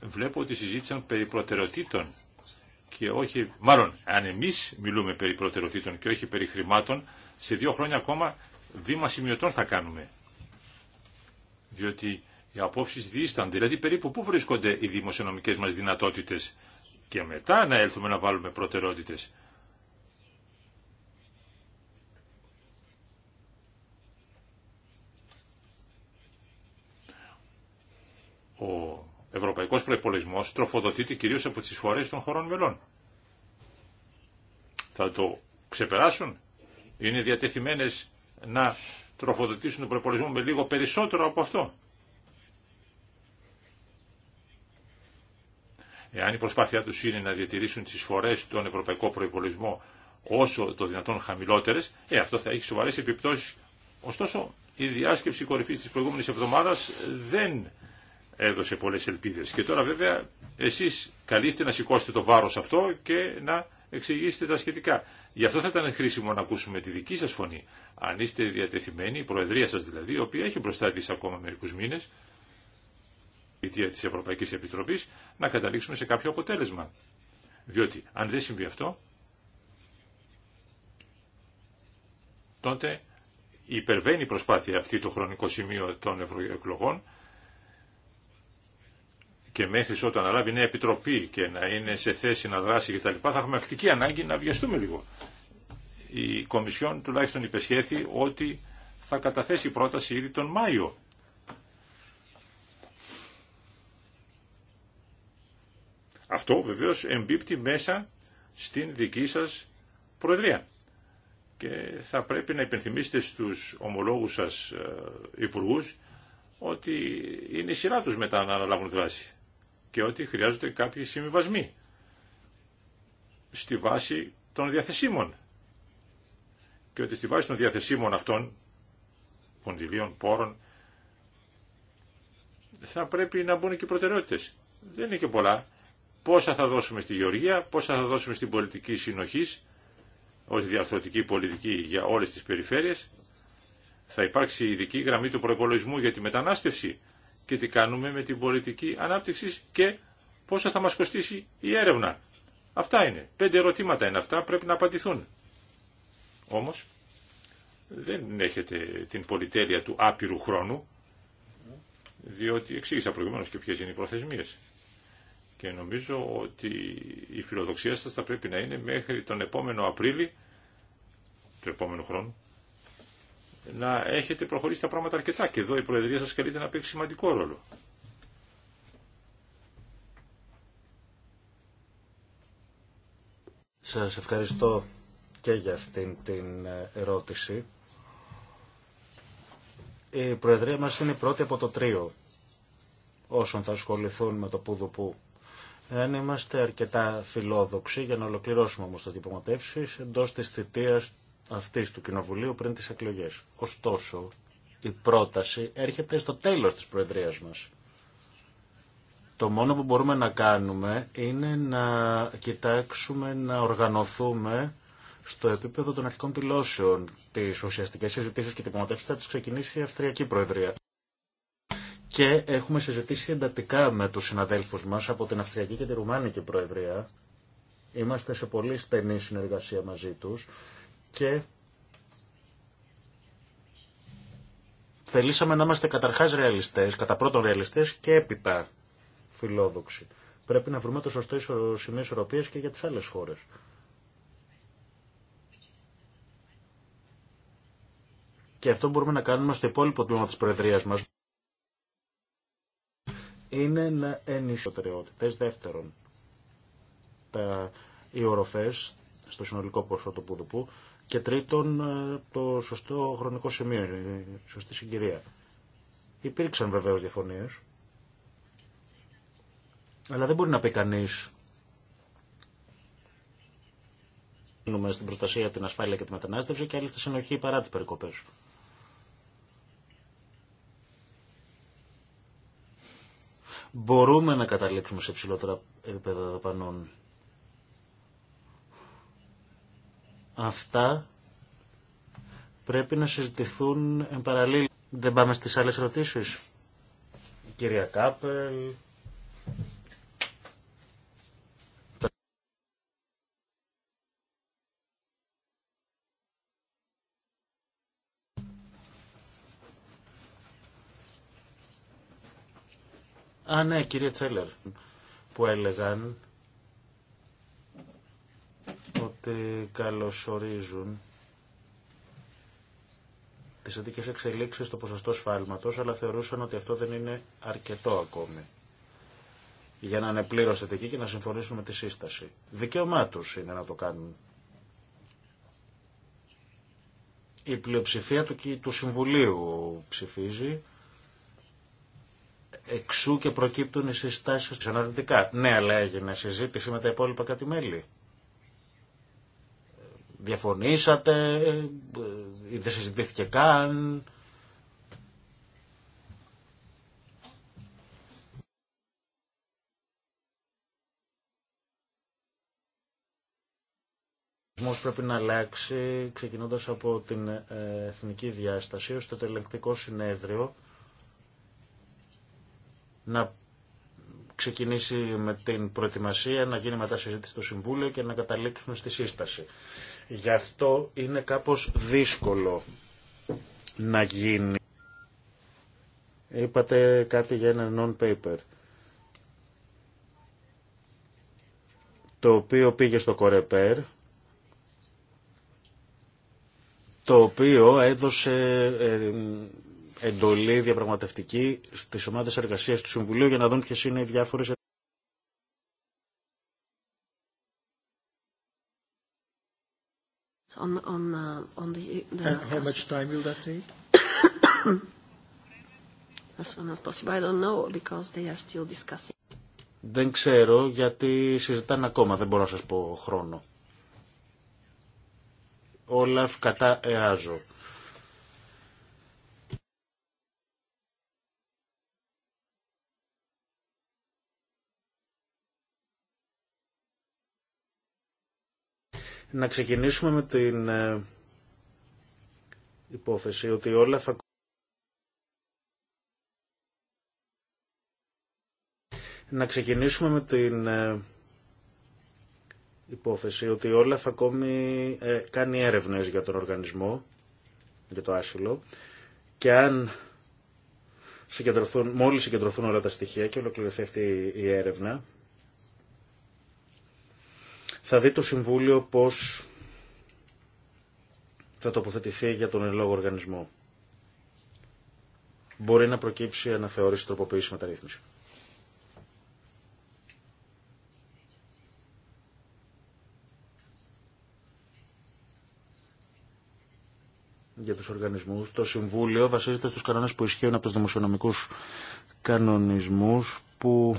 βλέπω ότι συζήτησαν περί προτεραιοτήτων και όχι, μάλλον αν εμείς μιλούμε περί προτεραιοτήτων και όχι περί χρημάτων, σε δύο χρόνια ακόμα βήμα σημειωτών θα κάνουμε. Διότι οι απόψεις διήστανται. Δηλαδή περίπου πού βρίσκονται οι δημοσιονομικές μας δυνατότητες και μετά να έλθουμε να βάλουμε προτεραιότητες. Ο ευρωπαϊκός προϋπολογισμός τροφοδοτείται κυρίως από τις φορές των χωρών μελών. Θα το ξεπεράσουν είναι διατεθειμένες να τροφοδοτήσουν τον προπολογισμό με λίγο περισσότερο από αυτό. Εάν η προσπάθειά τους είναι να διατηρήσουν τις φορές των ευρωπαϊκό προπολογισμό όσο το δυνατόν χαμηλότερες, ε, αυτό θα έχει σοβαρές επιπτώσεις. Ωστόσο, η διάσκεψη κορυφής της προηγούμενης εβδομάδας δεν έδωσε πολλές ελπίδες. Και τώρα βέβαια εσείς καλείστε να σηκώσετε το βάρος αυτό και να εξηγήσετε τα σχετικά. Γι' αυτό θα ήταν χρήσιμο να ακούσουμε τη δική σας φωνή, αν είστε διατεθειμένοι, η Προεδρία σας δηλαδή, η οποία έχει μπροστά ακόμα μερικούς μήνες, η αιτία της Ευρωπαϊκής Επιτροπής, να καταλήξουμε σε κάποιο αποτέλεσμα. Διότι αν δεν συμβεί αυτό, τότε υπερβαίνει η προσπάθεια αυτή το χρονικό σημείο των ευρωεκλογών και μέχρι όταν αναλάβει νέα επιτροπή και να είναι σε θέση να δράσει κτλ. θα έχουμε ακτική ανάγκη να βιαστούμε λίγο. Η Κομισιόν τουλάχιστον υπεσχέθη ότι θα καταθέσει πρόταση ήδη τον Μάιο. Αυτό βεβαίως εμπίπτει μέσα στην δική σας Προεδρία. Και θα πρέπει να υπενθυμίσετε στους ομολόγους σας ε, υπουργούς ότι είναι η σειρά τους μετά να αναλάβουν δράση και ότι χρειάζονται κάποιοι συμβιβασμοί στη βάση των διαθεσίμων και ότι στη βάση των διαθεσίμων αυτών ποντιλίων, πόρων θα πρέπει να μπουν και προτεραιότητες. Δεν είναι και πολλά. Πόσα θα δώσουμε στη γεωργία, πόσα θα δώσουμε στην πολιτική συνοχής ως διαρθρωτική πολιτική για όλες τις περιφέρειες. Θα υπάρξει ειδική γραμμή του προπολογισμού για τη μετανάστευση και τι κάνουμε με την πολιτική ανάπτυξη και πόσο θα μας κοστίσει η έρευνα. Αυτά είναι. Πέντε ερωτήματα είναι αυτά, πρέπει να απαντηθούν. Όμως δεν έχετε την πολυτέλεια του άπειρου χρόνου, διότι εξήγησα προηγουμένως και ποιες είναι οι προθεσμίες. Και νομίζω ότι η φιλοδοξία σας θα πρέπει να είναι μέχρι τον επόμενο Απρίλη, του επόμενου χρόνου, να έχετε προχωρήσει τα πράγματα αρκετά και εδώ η Προεδρία σας καλείται να παίξει σημαντικό ρόλο. Σας ευχαριστώ και για αυτήν την ε, ερώτηση. Η Προεδρία μας είναι η πρώτη από το τρίο όσων θα ασχοληθούν με το πουδουπού. Εάν είμαστε αρκετά φιλόδοξοι για να ολοκληρώσουμε όμως τις διαπραγματεύσεις εντός της θητείας αυτή του Κοινοβουλίου πριν τι εκλογέ. Ωστόσο, η πρόταση έρχεται στο τέλο τη προεδρία μα. Το μόνο που μπορούμε να κάνουμε είναι να κοιτάξουμε, να οργανωθούμε στο επίπεδο των αρχικών δηλώσεων τι ουσιαστικέ συζητήσει και διαπραγματεύσεις θα τι ξεκινήσει η Αυστριακή Προεδρία. Και έχουμε συζητήσει εντατικά με του συναδέλφου μα από την Αυστριακή και τη Ρουμάνικη Προεδρία. Είμαστε σε πολύ στενή συνεργασία μαζί τους και θελήσαμε να είμαστε καταρχάς ρεαλιστές, κατά πρώτον ρεαλιστές και έπειτα φιλόδοξοι. Πρέπει να βρούμε το σωστό σημείο ισορροπίας και για τις άλλες χώρες. Και αυτό μπορούμε να κάνουμε στο υπόλοιπο τμήμα της Προεδρίας μας. Είναι να ενισχύσουμε δεύτερον. Τα, οι οροφές στο συνολικό ποσό του Πουδουπού και τρίτον, ε, το σωστό χρονικό σημείο, η σωστή συγκυρία. Υπήρξαν βεβαίω διαφωνίε. Αλλά δεν μπορεί να πει κανεί. Στην προστασία, την ασφάλεια και τη μετανάστευση και άλλη στη συνοχή παρά τι περικοπέ. Μπορούμε να καταλήξουμε σε ψηλότερα επίπεδα δαπανών. Αυτά πρέπει να συζητηθούν εν Δεν πάμε στις άλλες ερωτήσεις. κυρία Κάπελ. Α, ναι, κυρία Τσέλερ, που έλεγαν ότι καλωσορίζουν τις αντικές εξελίξεις στο ποσοστό σφάλματος, αλλά θεωρούσαν ότι αυτό δεν είναι αρκετό ακόμη για να είναι πλήρως θετική και να συμφωνήσουν με τη σύσταση. Δικαίωμά του είναι να το κάνουν. Η πλειοψηφία του, του Συμβουλίου ψηφίζει. Εξού και προκύπτουν οι συστάσεις αναρνητικά. Ναι, αλλά έγινε συζήτηση με τα υπόλοιπα κατημέλη. Διαφωνήσατε, ε, δεν συζητήθηκε καν. Ο πρέπει να αλλάξει ξεκινώντας από την ε, εθνική διάσταση ώστε το τελεκτικό συνέδριο να ξεκινήσει με την προετοιμασία, να γίνει μετά συζήτηση στο Συμβούλιο και να καταλήξουμε στη σύσταση. Γι' αυτό είναι κάπως δύσκολο να γίνει. Είπατε κάτι για ένα non-paper. Το οποίο πήγε στο Κορεπέρ. Το οποίο έδωσε εντολή διαπραγματευτική στις ομάδες εργασίας του Συμβουλίου για να δουν ποιες είναι οι διάφορες on on on the. the How much time will that take? As soon as possible. I don't know because they are still discussing. Δεν ξέρω γιατί συζητάνε ακόμα. Δεν μπορώ να σας πω χρόνο. Όλαφ κατά εάζω. Να ξεκινήσουμε με την ε, υπόθεση ότι όλα θα Να ε, ακόμη ε, κάνει έρευνες για τον οργανισμό, για το άσυλο και αν συγκεντρωθούν, μόλις συγκεντρωθούν όλα τα στοιχεία και ολοκληρωθεί αυτή η έρευνα, θα δει το Συμβούλιο πώς θα τοποθετηθεί για τον ελόγο οργανισμό. Μπορεί να προκύψει αναθεώρηση τροποποίηση μεταρρύθμιση. για τους οργανισμούς. Το Συμβούλιο βασίζεται στους κανόνες που ισχύουν από τους δημοσιονομικούς κανονισμούς που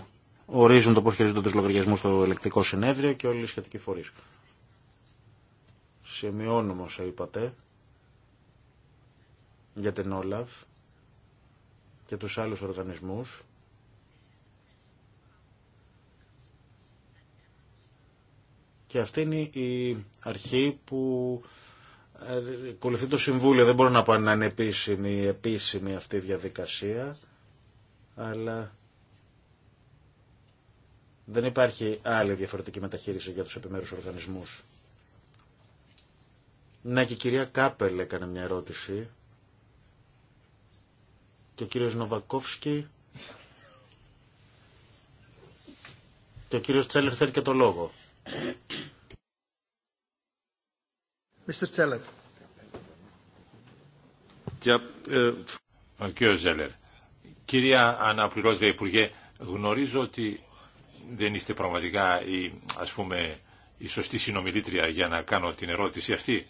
ορίζουν το πώς χειρίζονται τους λογαριασμούς στο ελεκτικό συνέδριο και όλοι οι σχετικοί φορείς. Σημειώνουμε όσα είπατε για την Όλαφ και τους άλλους οργανισμούς. Και αυτή είναι η αρχή που ακολουθεί το Συμβούλιο. Δεν μπορώ να πω να είναι επίσημη, επίσημη αυτή η διαδικασία, αλλά δεν υπάρχει άλλη διαφορετική μεταχείριση για τους επιμέρους οργανισμούς. Ναι, και η κυρία Κάπελ έκανε μια ερώτηση. Και ο κύριος Νοβακόφσκι. Και ο κύριος Τσέλερ θέλει και το λόγο. Mr. Τσέλερ. Ο κύριος Τσέλερ. Κυρία Αναπληρώτρια Υπουργέ, γνωρίζω ότι δεν είστε πραγματικά η, ας πούμε, η σωστή συνομιλήτρια για να κάνω την ερώτηση αυτή.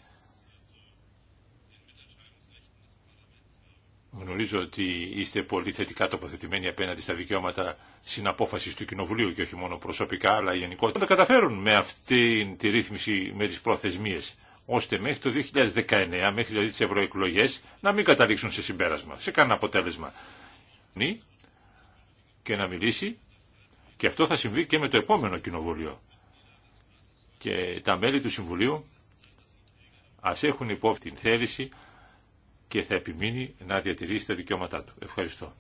Γνωρίζω ότι είστε πολύ θετικά τοποθετημένοι απέναντι στα δικαιώματα συναπόφαση του Κοινοβουλίου και όχι μόνο προσωπικά αλλά γενικότερα. Τα καταφέρουν με αυτή τη ρύθμιση με τι προθεσμίε ώστε μέχρι το 2019, μέχρι δηλαδή τι ευρωεκλογέ, να μην καταλήξουν σε συμπέρασμα, σε κανένα αποτέλεσμα. Και να μιλήσει και αυτό θα συμβεί και με το επόμενο κοινοβούλιο. Και τα μέλη του Συμβουλίου ας έχουν υπόψη την θέληση και θα επιμείνει να διατηρήσει τα δικαιώματά του. Ευχαριστώ.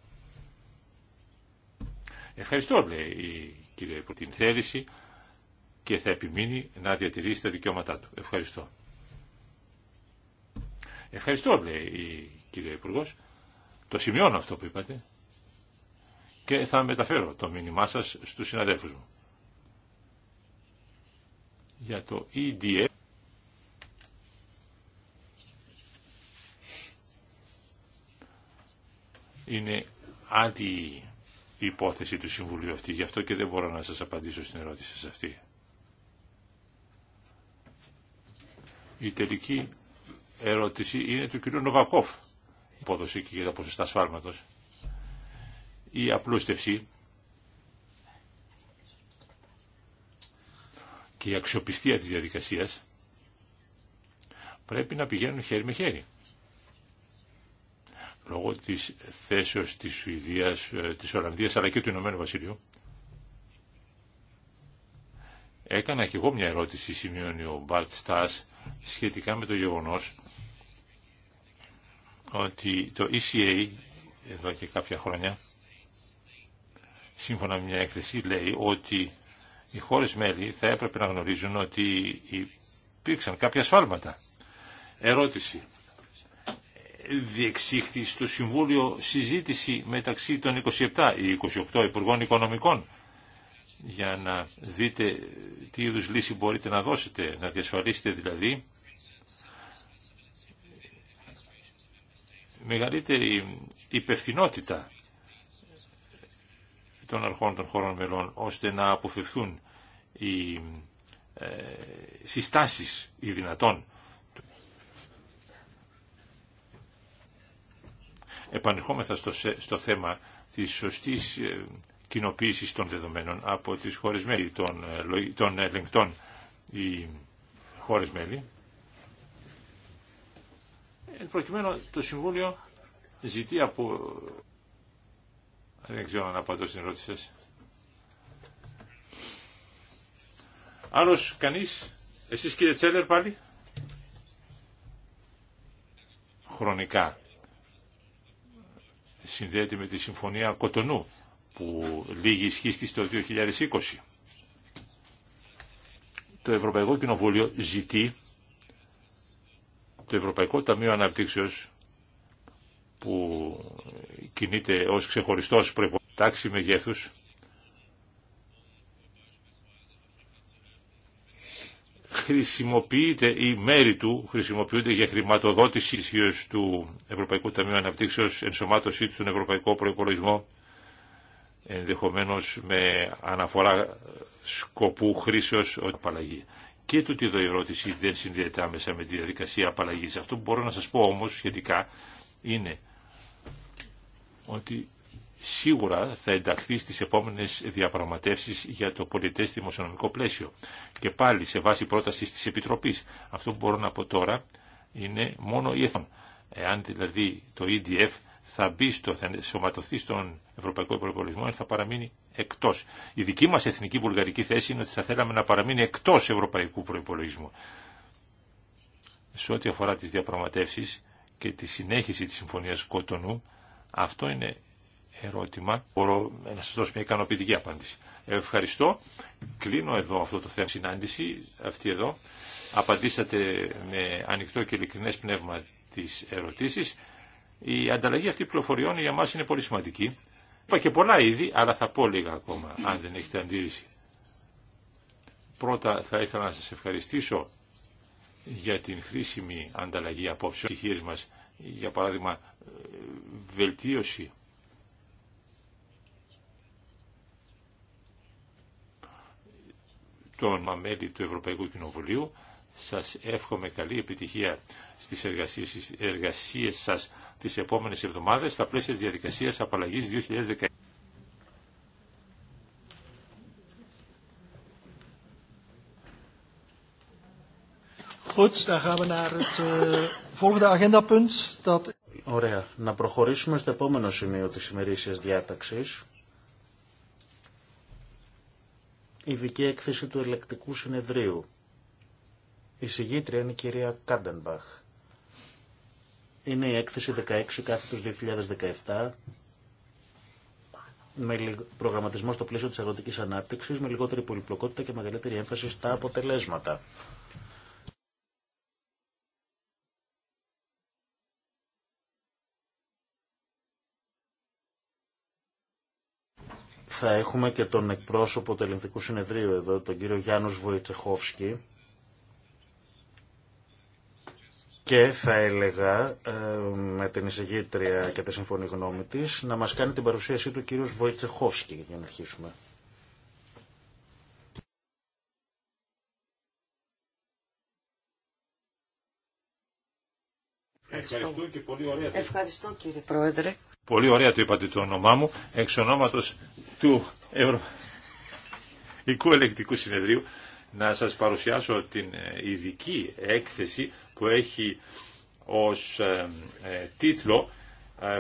Ευχαριστώ, λέει η κυρία την θέληση και θα επιμείνει να διατηρήσει τα δικαιώματά του. Ευχαριστώ. Ευχαριστώ, λέει η κυρία Το σημειώνω αυτό που είπατε και θα μεταφέρω το μήνυμά σας στους συναδέλφους μου. Για το EDF είναι άντι η υπόθεση του Συμβουλίου αυτή, γι' αυτό και δεν μπορώ να σας απαντήσω στην ερώτηση σας αυτή. Η τελική ερώτηση είναι του κ. Νοβακόφ, υπόδοση και για τα ποσοστά σφάλματος η απλούστευση και η αξιοπιστία της διαδικασίας πρέπει να πηγαίνουν χέρι με χέρι. Λόγω της θέσεως της Σουηδίας, ε, της Ολλανδίας αλλά και του Ηνωμένου Βασιλείου έκανα και εγώ μια ερώτηση, σημειώνει ο Μπαρτ Στάς, σχετικά με το γεγονός ότι το ECA εδώ και κάποια χρόνια σύμφωνα με μια έκθεση, λέει ότι οι χώρες μέλη θα έπρεπε να γνωρίζουν ότι υπήρξαν κάποια σφάλματα. Ερώτηση. Διεξήχθη στο Συμβούλιο συζήτηση μεταξύ των 27 ή 28 Υπουργών Οικονομικών για να δείτε τι είδους λύση μπορείτε να δώσετε, να διασφαλίσετε δηλαδή μεγαλύτερη υπευθυνότητα των αρχών των χωρών μελών ώστε να αποφευθούν οι ε, συστάσεις οι δυνατών. Επανερχόμεθα στο, θέμα της σωστής ε, κοινοποίηση των δεδομένων από τις χώρες μέλη των, ε, των ελεγκτών οι χώρες μέλη. Προκειμένου το Συμβούλιο ζητεί από δεν ξέρω αν απαντώ στην ερώτηση σας. Άλλος κανείς, εσείς κύριε Τσέλερ πάλι. Χρονικά συνδέεται με τη Συμφωνία Κοτονού που λίγη ισχύ στο 2020. Το Ευρωπαϊκό Κοινοβούλιο ζητεί το Ευρωπαϊκό Ταμείο Αναπτύξεως που κινείται ως ξεχωριστός προϋπολογισμός τάξη μεγέθους χρησιμοποιείται ή μέρη του χρησιμοποιούνται για χρηματοδότηση του Ευρωπαϊκού Ταμείου Αναπτύξεως, ενσωμάτωσή του στον Ευρωπαϊκό Προϋπολογισμό, ενδεχομένως με αναφορά σκοπού χρήσεως ότι απαλλαγή. Και τούτη εδώ η ερώτηση δεν συνδέεται άμεσα με τη διαδικασία απαλλαγής. Αυτό που μπορώ να σας πω όμως σχετικά είναι ότι σίγουρα θα ενταχθεί στις επόμενες διαπραγματεύσεις για το πολιτές δημοσιονομικό πλαίσιο και πάλι σε βάση πρόταση της Επιτροπής. Αυτό που μπορώ να πω τώρα είναι μόνο η ΕΘΟΝ. Εάν δηλαδή το EDF θα μπει στο, θα σωματωθεί στον Ευρωπαϊκό Προπολογισμό, θα παραμείνει εκτό. Η δική μα εθνική βουλγαρική θέση είναι ότι θα θέλαμε να παραμείνει εκτό Ευρωπαϊκού Προπολογισμού. Σε ό,τι αφορά τι διαπραγματεύσει και τη συνέχιση τη Συμφωνία Κότονου, αυτό είναι ερώτημα. Μπορώ να σας δώσω μια ικανοποιητική απάντηση. Ευχαριστώ. Κλείνω εδώ αυτό το θέμα. Συνάντηση αυτή εδώ. Απαντήσατε με ανοιχτό και ειλικρινές πνεύμα τις ερωτήσεις. Η ανταλλαγή αυτή πληροφοριών για μας είναι πολύ σημαντική. Είπα και πολλά ήδη, αλλά θα πω λίγα ακόμα, αν δεν έχετε αντίρρηση. Πρώτα θα ήθελα να σας ευχαριστήσω για την χρήσιμη ανταλλαγή απόψεων στοιχείες μας για παράδειγμα βελτίωση των μέλη του Ευρωπαϊκού Κοινοβουλίου. Σας εύχομαι καλή επιτυχία στις εργασίες, εργασίες σας τις επόμενες εβδομάδες στα πλαίσια της διαδικασίας απαλλαγής 2019. Goed, dan eh, Ωραία. Να προχωρήσουμε στο επόμενο σημείο της ημερήσιας διάταξης. Ειδική έκθεση του ελεκτικού συνεδρίου. Η συγγήτρια είναι η κυρία Κάντενμπαχ. Είναι η έκθεση 16 κάθετος 2017 με προγραμματισμό στο πλαίσιο της αγροτικής ανάπτυξης, με λιγότερη πολυπλοκότητα και μεγαλύτερη έμφαση στα αποτελέσματα. θα έχουμε και τον εκπρόσωπο του Ελληνικού Συνεδρίου εδώ, τον κύριο Γιάννους Βοητσεχόφσκι. Και θα έλεγα ε, με την εισηγήτρια και τη συμφωνή γνώμη τη να μας κάνει την παρουσίασή του κύριο Βοητσεχόφσκι για να αρχίσουμε. Ευχαριστώ και πολύ ωραία. Ευχαριστώ κύριε Πρόεδρε. Πολύ ωραία το είπατε το όνομά μου. Εξ ονόματος του Ευρωπαϊκού Ελεκτικού Συνεδρίου να σας παρουσιάσω την ε, ειδική έκθεση που έχει ως ε, ε, τίτλο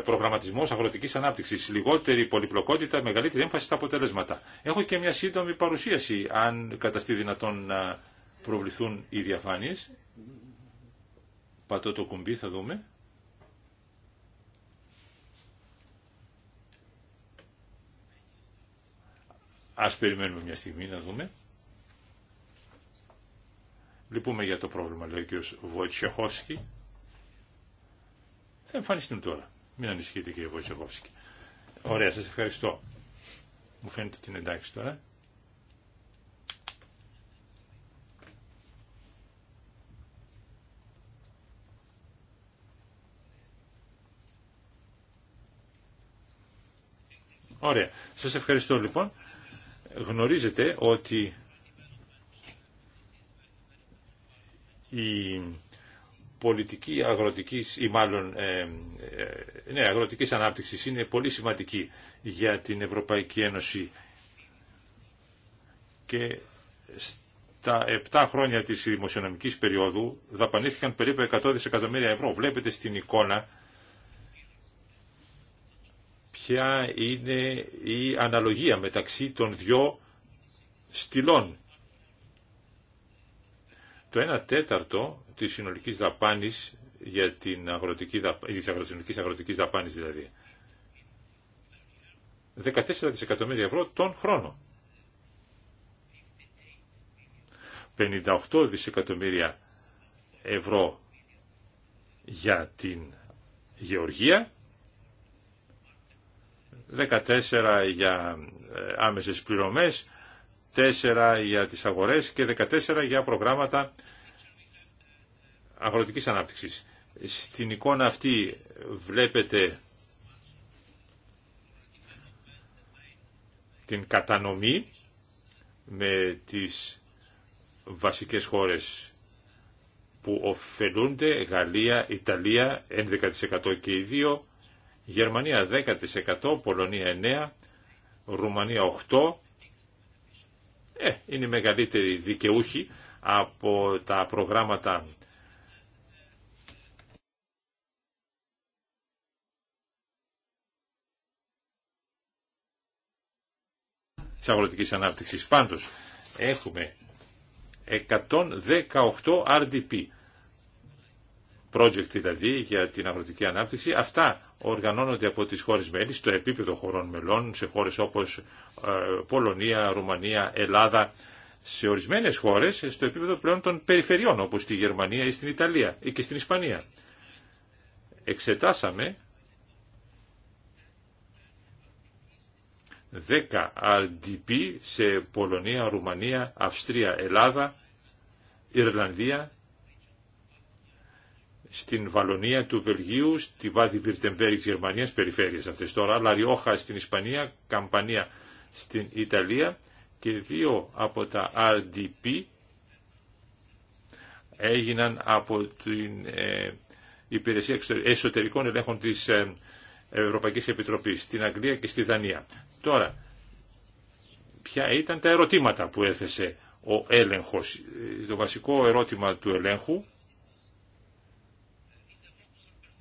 προγραμματισμός αγροτικής ανάπτυξης. Λιγότερη πολυπλοκότητα, μεγαλύτερη έμφαση στα αποτελέσματα. Έχω και μια σύντομη παρουσίαση, αν καταστεί δυνατόν να προβληθούν οι διαφάνειες. Πατώ το κουμπί, θα δούμε. Ας περιμένουμε μια στιγμή να δούμε. Λυπούμε για το πρόβλημα, λέει ο κ. Βοητσεχόφσκι. Θα εμφανιστούν τώρα. Μην ανησυχείτε κ. Βοητσεχόφσκι. Ωραία, σας ευχαριστώ. Μου φαίνεται ότι είναι εντάξει τώρα. Ωραία. Σας ευχαριστώ λοιπόν γνωρίζετε ότι η πολιτική αγροτικής ή μάλλον ε, ε, ναι, αγροτικής ανάπτυξης είναι πολύ σημαντική για την Ευρωπαϊκή Ένωση και στα 7 χρόνια της δημοσιονομικής περίοδου δαπανήθηκαν περίπου 100 δισεκατομμύρια ευρώ. Βλέπετε στην εικόνα ποια είναι η αναλογία μεταξύ των δυο στυλών. Το 1 τέταρτο της συνολικής δαπάνης για την αγροτική, ε, της αγροτικής, αγροτικής δαπάνης δηλαδή. 14 δισεκατομμύρια ευρώ τον χρόνο. 58 δισεκατομμύρια ευρώ για την γεωργία 14 για ε, άμεσες πληρωμές, 4 για τις αγορές και 14 για προγράμματα αγροτικής ανάπτυξης. Στην εικόνα αυτή βλέπετε την κατανομή με τις βασικές χώρες που ωφελούνται, Γαλλία, Ιταλία, 11% και οι δύο, Γερμανία 10%, Πολωνία 9%, Ρουμανία 8%. Ε, είναι οι μεγαλύτεροι δικαιούχοι από τα προγράμματα της αγροτικής ανάπτυξης. Πάντως, έχουμε 118 RDP project δηλαδή για την αγροτική ανάπτυξη. Αυτά οργανώνονται από τις χώρες μέλη στο επίπεδο χωρών μελών σε χώρες όπως ε, Πολωνία, Ρουμανία, Ελλάδα σε ορισμένες χώρες στο επίπεδο πλέον των περιφερειών όπως στη Γερμανία ή στην Ιταλία ή και στην Ισπανία. Εξετάσαμε 10 RDP σε Πολωνία, Ρουμανία, Αυστρία, Ελλάδα, Ιρλανδία στην Βαλονία του Βελγίου, στη Βάδη Βιρτεμβέρη της Γερμανίας, περιφέρειες αυτές τώρα, Λαριόχα στην Ισπανία, Καμπανία στην Ιταλία και δύο από τα RDP έγιναν από την ε, Υπηρεσία Εσωτερικών Ελέγχων της ε, Ευρωπαϊκής Επιτροπής στην Αγγλία και στη Δανία. Τώρα, ποια ήταν τα ερωτήματα που έθεσε ο έλεγχος. Ε, το βασικό ερώτημα του ελέγχου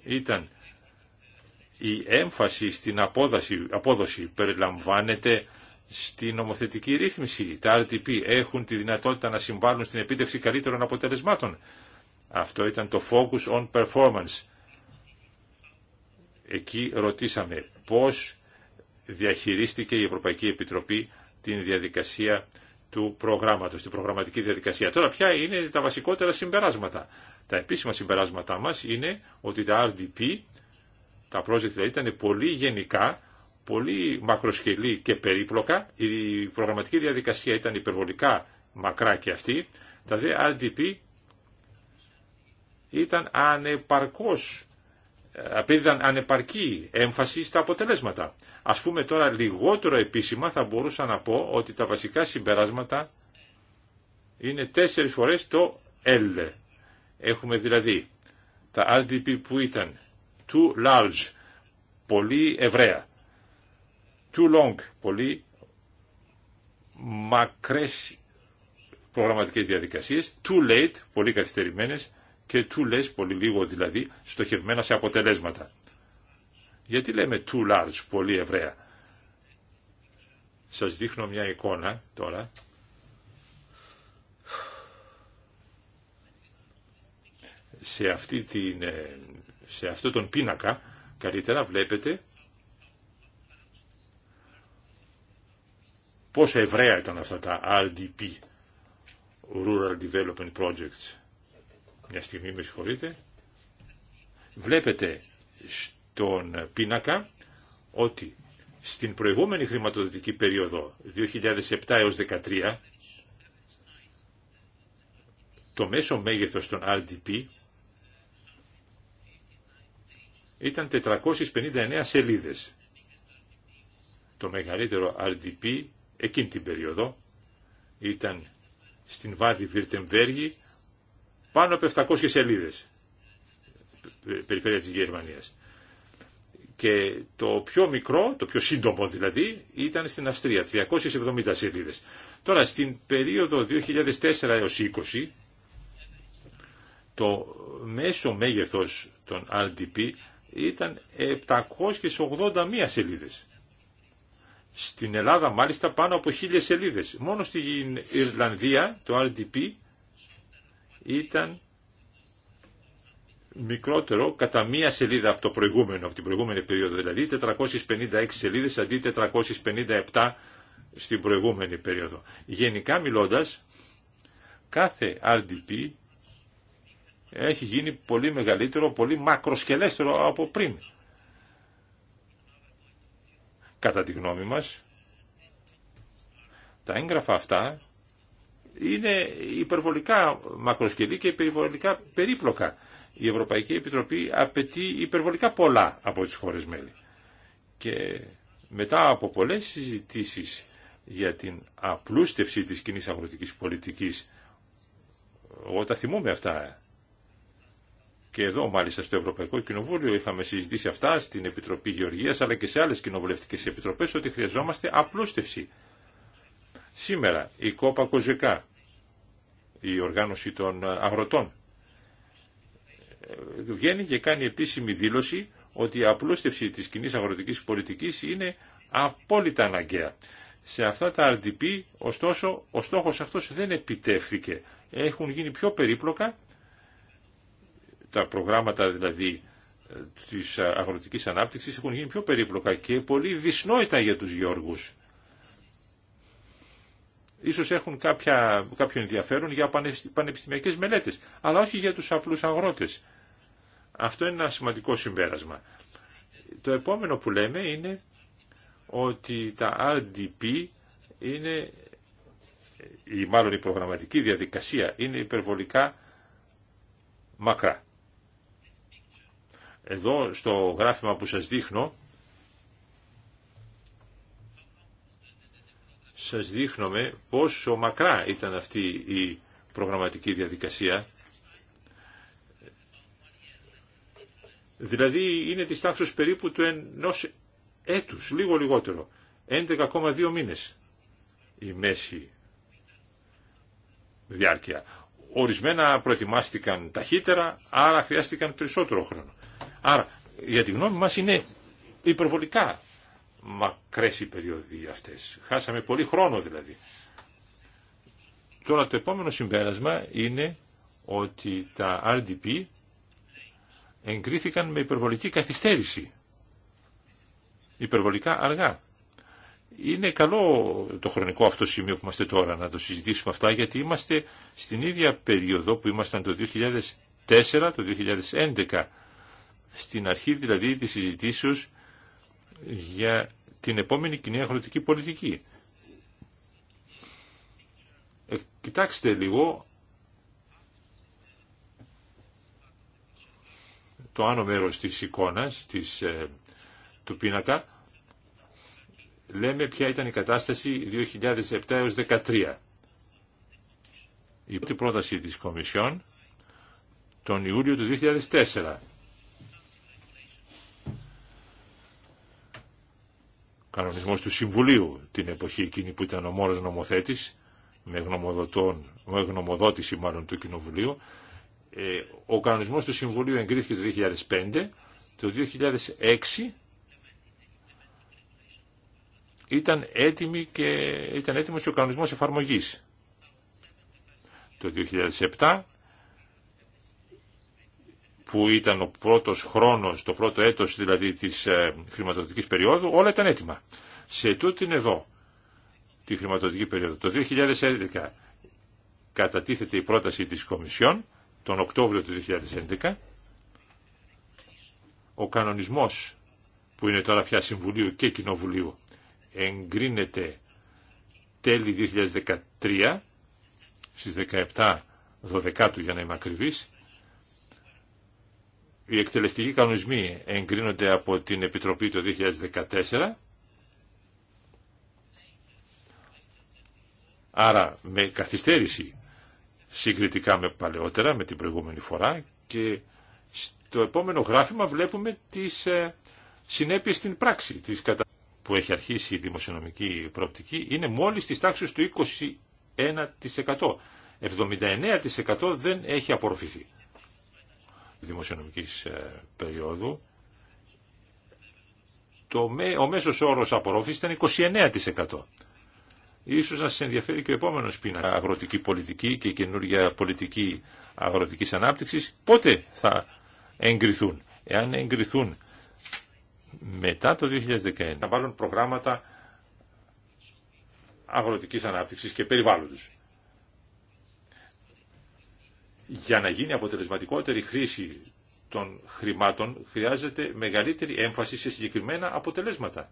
ήταν η έμφαση στην απόδοση, απόδοση περιλαμβάνεται στην νομοθετική ρύθμιση. Τα RTP έχουν τη δυνατότητα να συμβάλλουν στην επίτευξη καλύτερων αποτελεσμάτων. Αυτό ήταν το focus on performance. Εκεί ρωτήσαμε πώς διαχειρίστηκε η Ευρωπαϊκή Επιτροπή την διαδικασία του προγράμματος, την προγραμματική διαδικασία. Τώρα ποια είναι τα βασικότερα συμπεράσματα. Τα επίσημα συμπεράσματά μας είναι ότι τα RDP, τα project δηλαδή, ήταν πολύ γενικά, πολύ μακροσκελή και περίπλοκα. Η προγραμματική διαδικασία ήταν υπερβολικά μακρά και αυτή. Τα δε RDP ήταν ανεπαρκώς απέδιδαν ανεπαρκή έμφαση στα αποτελέσματα. Ας πούμε τώρα λιγότερο επίσημα θα μπορούσα να πω ότι τα βασικά συμπεράσματα είναι τέσσερις φορές το L. Έχουμε δηλαδή τα RDP που ήταν too large, πολύ ευραία, too long, πολύ μακρές προγραμματικές διαδικασίες, too late, πολύ καθυστερημένες και too less, πολύ λίγο δηλαδή, στοχευμένα σε αποτελέσματα. Γιατί λέμε too large, πολύ ευραία. Σας δείχνω μια εικόνα τώρα σε, αυτή την, ε, σε αυτό τον πίνακα καλύτερα βλέπετε πόσο ευραία ήταν αυτά τα RDP, Rural Development Projects. Μια στιγμή με συγχωρείτε. Βλέπετε στον πίνακα ότι στην προηγούμενη χρηματοδοτική περίοδο 2007 έως 2013 το μέσο μέγεθος των RDP ήταν 459 σελίδες. Το μεγαλύτερο RDP εκείνη την περίοδο ήταν στην Βάδη Βιρτεμβέργη πάνω από 700 σελίδες περιφέρεια της Γερμανίας. Και το πιο μικρό, το πιο σύντομο δηλαδή, ήταν στην Αυστρία, 370 σελίδες. Τώρα, στην περίοδο 2004 έως 20, το μέσο μέγεθος των RDP ήταν 781 σελίδες. Στην Ελλάδα μάλιστα πάνω από 1000 σελίδες. Μόνο στην Ιρλανδία το RDP ήταν μικρότερο κατά μία σελίδα από το προηγούμενο, από την προηγούμενη περίοδο, δηλαδή 456 σελίδες αντί 457 στην προηγούμενη περίοδο. Γενικά μιλώντας, κάθε RDP έχει γίνει πολύ μεγαλύτερο, πολύ μακροσκελέστερο από πριν. Κατά τη γνώμη μας, τα έγγραφα αυτά είναι υπερβολικά μακροσκελή και υπερβολικά περίπλοκα. Η Ευρωπαϊκή Επιτροπή απαιτεί υπερβολικά πολλά από τις χώρες μέλη. Και μετά από πολλές συζητήσεις για την απλούστευση της κοινή αγροτικής πολιτικής, εγώ τα θυμούμαι αυτά και εδώ μάλιστα στο Ευρωπαϊκό Κοινοβούλιο είχαμε συζητήσει αυτά στην Επιτροπή Γεωργίας αλλά και σε άλλε κοινοβουλευτικέ επιτροπέ ότι χρειαζόμαστε απλούστευση. Σήμερα η κόπα κοζεκά, η οργάνωση των αγροτών, βγαίνει και κάνει επίσημη δήλωση ότι η απλούστευση της κοινή αγροτικής πολιτικής είναι απόλυτα αναγκαία. Σε αυτά τα RDP, ωστόσο, ο στόχος αυτός δεν επιτεύχθηκε. Έχουν γίνει πιο περίπλοκα τα προγράμματα δηλαδή ε, της ε, αγροτικής ανάπτυξης έχουν γίνει πιο περίπλοκα και πολύ δυσνόητα για τους Γιώργους. Ίσως έχουν κάποια, κάποιο ενδιαφέρον για πανεπιστημιακές μελέτες, αλλά όχι για τους απλούς αγρότες. Αυτό είναι ένα σημαντικό συμπέρασμα. Το επόμενο που λέμε είναι ότι τα RDP είναι, ή μάλλον η προγραμματική διαδικασία είναι υπερβολικά μακρά. Εδώ στο γράφημα που σας δείχνω, σας δείχνουμε πόσο μακρά ήταν αυτή η προγραμματική διαδικασία. Δηλαδή είναι της τάξης περίπου του ενός έτους, λίγο λιγότερο, 11,2 μήνες η μέση διάρκεια. Ορισμένα προετοιμάστηκαν ταχύτερα, άρα χρειάστηκαν περισσότερο χρόνο. Άρα, για τη γνώμη μας είναι υπερβολικά μακρές οι περίοδοι αυτές. Χάσαμε πολύ χρόνο δηλαδή. Τώρα το επόμενο συμπέρασμα είναι ότι τα RDP εγκρίθηκαν με υπερβολική καθυστέρηση. Υπερβολικά αργά. Είναι καλό το χρονικό αυτό σημείο που είμαστε τώρα να το συζητήσουμε αυτά γιατί είμαστε στην ίδια περίοδο που ήμασταν το 2004, το 2011 στην αρχή δηλαδή τη συζητήσεω για την επόμενη κοινή αγροτική πολιτική. Ε, κοιτάξτε λίγο το άνω μέρος της εικόνας, της, ε, του πίνακα, λέμε ποια ήταν η κατάσταση 2007 έως 2013. Η πρώτη πρόταση της Κομισιόν τον Ιούλιο του 2004 Κανονισμό του Συμβουλίου την εποχή εκείνη που ήταν ο μόνο νομοθέτης με, με γνωμοδότηση μάλλον του Κοινοβουλίου ε, ο κανονισμό του Συμβουλίου εγκρίθηκε το 2005 το 2006 ήταν, έτοιμη και, ήταν έτοιμος και ο κανονισμός εφαρμογής το 2007 που ήταν ο πρώτος χρόνος, το πρώτο έτος δηλαδή της ε, χρηματοδοτικής περίοδου, όλα ήταν έτοιμα. Σε τούτην εδώ, τη χρηματοδοτική περίοδο, το 2011 κατατίθεται η πρόταση της Κομισιόν, τον Οκτώβριο του 2011, ο κανονισμός που είναι τώρα πια Συμβουλίου και Κοινοβουλίου εγκρίνεται τέλη 2013 στις 17 12 για να είμαι ακριβής οι εκτελεστικοί κανονισμοί εγκρίνονται από την Επιτροπή το 2014. Άρα με καθυστέρηση συγκριτικά με παλαιότερα, με την προηγούμενη φορά και στο επόμενο γράφημα βλέπουμε τις ε, συνέπειες στην πράξη της που έχει αρχίσει η δημοσιονομική προοπτική είναι μόλις της τάξης του 21%. 79% δεν έχει απορροφηθεί δημοσιονομικής ε, περίοδου, το, ο μέσος όρος απορρόφησης ήταν 29%. Ίσως να σας ενδιαφέρει και ο επόμενος πίνακα αγροτική πολιτική και καινούργια πολιτική αγροτικής ανάπτυξης. Πότε θα εγκριθούν. Εάν εγκριθούν μετά το 2019 να βάλουν προγράμματα αγροτικής ανάπτυξης και περιβάλλοντος για να γίνει αποτελεσματικότερη χρήση των χρημάτων χρειάζεται μεγαλύτερη έμφαση σε συγκεκριμένα αποτελέσματα.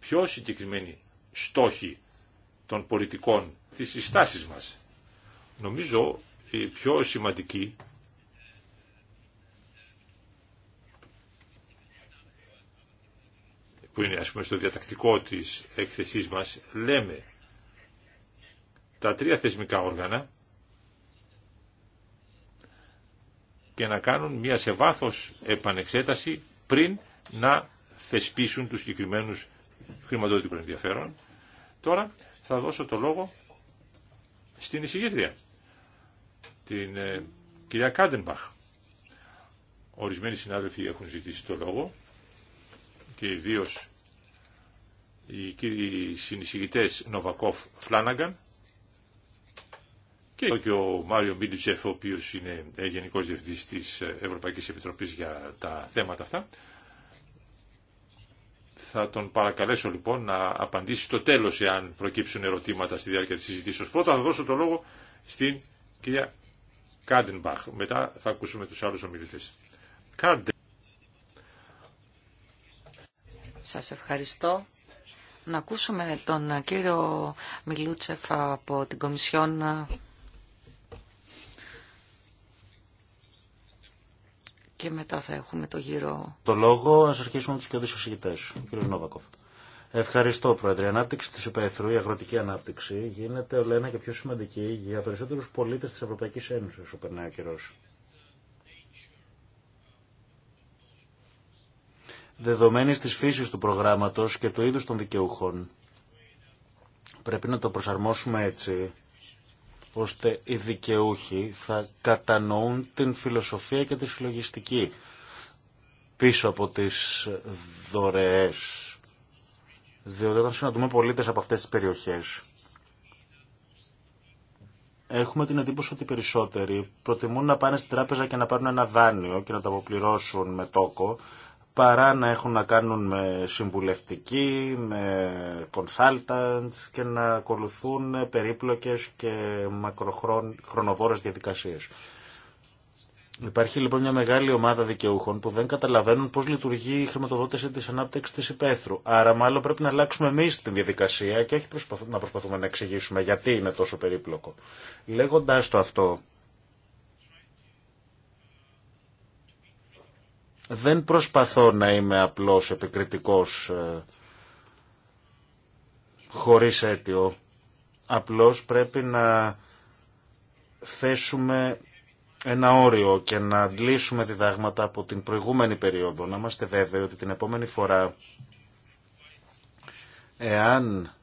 Πιο συγκεκριμένοι στόχοι των πολιτικών της συστάσεις μας. Νομίζω η πιο σημαντική που είναι ας πούμε στο διατακτικό της έκθεσής μας λέμε τα τρία θεσμικά όργανα και να κάνουν μια σε βάθος επανεξέταση πριν να θεσπίσουν τους συγκεκριμένους χρηματοδοτικούς ενδιαφέρον. Τώρα θα δώσω το λόγο στην εισηγήτρια, την ε, κυρία Κάντενμπαχ. Ορισμένοι συνάδελφοι έχουν ζητήσει το λόγο και ιδίω οι κύριοι συνεισηγητές Νοβακόφ Φλάναγκαν και, και ο Μάριο Μπίλιτσεφ, ο οποίο είναι ε, γενικό διευθυντή τη ε, Ευρωπαϊκή Επιτροπή για τα θέματα αυτά. Θα τον παρακαλέσω λοιπόν να απαντήσει στο τέλος εάν προκύψουν ερωτήματα στη διάρκεια τη συζήτηση. Πρώτα θα δώσω το λόγο στην κυρία Κάντενμπαχ. Μετά θα ακούσουμε τους άλλους ομιλητέ Κάντε. Σας ευχαριστώ. Να ακούσουμε τον κύριο Μιλούτσεφ από την Κομισιόν και μετά θα έχουμε το γύρο. Το λόγο, α αρχίσουμε τους και οδείς Ο κύριος Νόβακοφ. Ευχαριστώ, Πρόεδρε. Η ανάπτυξη τη υπαίθρου, η αγροτική ανάπτυξη, γίνεται όλο και πιο σημαντική για περισσότερου πολίτε τη Ευρωπαϊκή Ένωση όσο περνάει ο καιρό. Δεδομένη τη φύση του προγράμματο και του είδου των δικαιούχων, πρέπει να το προσαρμόσουμε έτσι ώστε οι δικαιούχοι θα κατανοούν την φιλοσοφία και τη συλλογιστική πίσω από τις δωρεές. Διότι όταν συναντούμε πολίτες από αυτές τις περιοχές, έχουμε την εντύπωση ότι οι περισσότεροι προτιμούν να πάνε στην τράπεζα και να πάρουν ένα δάνειο και να το αποπληρώσουν με τόκο, παρά να έχουν να κάνουν με συμβουλευτική, με consultants και να ακολουθούν περίπλοκες και μακροχρονοβόρες διαδικασίες. Υπάρχει λοιπόν μια μεγάλη ομάδα δικαιούχων που δεν καταλαβαίνουν πώς λειτουργεί η χρηματοδότηση της ανάπτυξης της υπαίθρου. Άρα μάλλον πρέπει να αλλάξουμε εμείς την διαδικασία και όχι να προσπαθούμε να εξηγήσουμε γιατί είναι τόσο περίπλοκο. Λέγοντας το αυτό, Δεν προσπαθώ να είμαι απλώς επικριτικός ε, χωρίς αίτιο. Απλώς πρέπει να θέσουμε ένα όριο και να αντλήσουμε διδάγματα από την προηγούμενη περίοδο. Να είμαστε βέβαιοι ότι την επόμενη φορά, εάν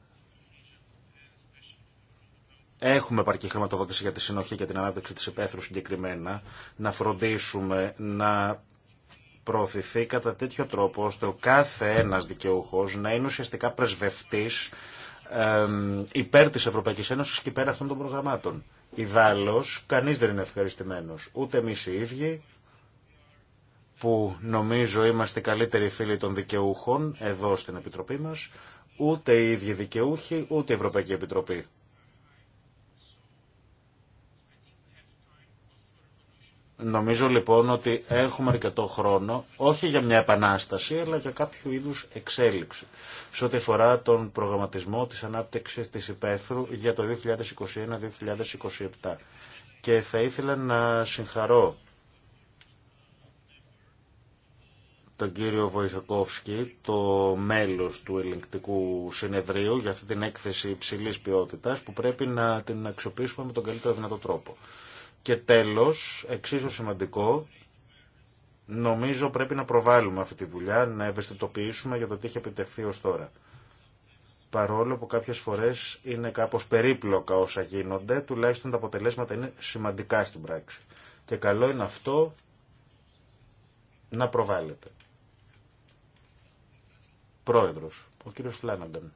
έχουμε επαρκή χρηματοδότηση για τη συνοχή και την ανάπτυξη της επέθρου συγκεκριμένα, να φροντίσουμε να προωθηθεί κατά τέτοιο τρόπο ώστε ο κάθε ένας δικαιούχος να είναι ουσιαστικά πρεσβευτής υπέρ της Ευρωπαϊκής Ένωσης και υπέρ αυτών των προγραμμάτων. Ιδάλλως, κανείς δεν είναι ευχαριστημένος. Ούτε εμείς οι ίδιοι, που νομίζω είμαστε καλύτεροι φίλοι των δικαιούχων εδώ στην Επιτροπή μας, ούτε οι ίδιοι δικαιούχοι, ούτε η Ευρωπαϊκή Επιτροπή. Νομίζω λοιπόν ότι έχουμε αρκετό χρόνο, όχι για μια επανάσταση, αλλά για κάποιο είδους εξέλιξη. Σε ό,τι αφορά τον προγραμματισμό της ανάπτυξης της υπαίθρου για το 2021-2027. Και θα ήθελα να συγχαρώ τον κύριο Βοηθοκόφσκι, το μέλος του ελεγκτικού συνεδρίου για αυτή την έκθεση υψηλής ποιότητας που πρέπει να την αξιοποιήσουμε με τον καλύτερο δυνατό τρόπο. Και τέλος, εξίσου σημαντικό, νομίζω πρέπει να προβάλλουμε αυτή τη δουλειά, να ευαισθητοποιήσουμε για το τι έχει επιτευχθεί ως τώρα. Παρόλο που κάποιες φορές είναι κάπως περίπλοκα όσα γίνονται, τουλάχιστον τα αποτελέσματα είναι σημαντικά στην πράξη. Και καλό είναι αυτό να προβάλλεται. Πρόεδρος, ο κύριος Φλάναντον.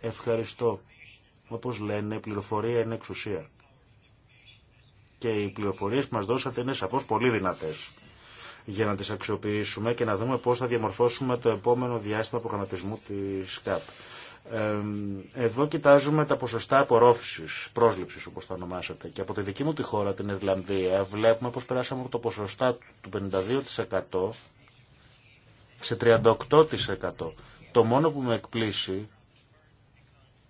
Ευχαριστώ. Όπως λένε, η πληροφορία είναι εξουσία και οι πληροφορίε που μας δώσατε είναι σαφώ πολύ δυνατέ για να τις αξιοποιήσουμε και να δούμε πώς θα διαμορφώσουμε το επόμενο διάστημα προγραμματισμού της ΚΑΠ. Εδώ κοιτάζουμε τα ποσοστά απορρόφησης, πρόσληψης όπως το ονομάσατε και από τη δική μου τη χώρα, την Ιρλανδία, βλέπουμε πως περάσαμε από το ποσοστά του 52% σε 38%. Το μόνο που με εκπλήσει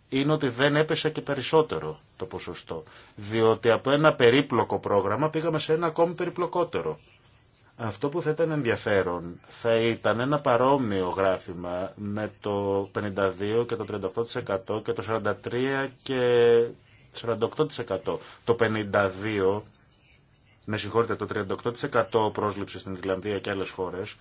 είναι ότι δεν έπεσε και περισσότερο το ποσοστό. Διότι από ένα περίπλοκο πρόγραμμα πήγαμε σε ένα ακόμη περιπλοκότερο. Αυτό που θα ήταν ενδιαφέρον θα ήταν ένα παρόμοιο γράφημα με το 52 και το 38% και το 43% και 48%. Το 52% με συγχωρείτε, το 38% πρόσληψη στην Ιρλανδία και άλλες χώρες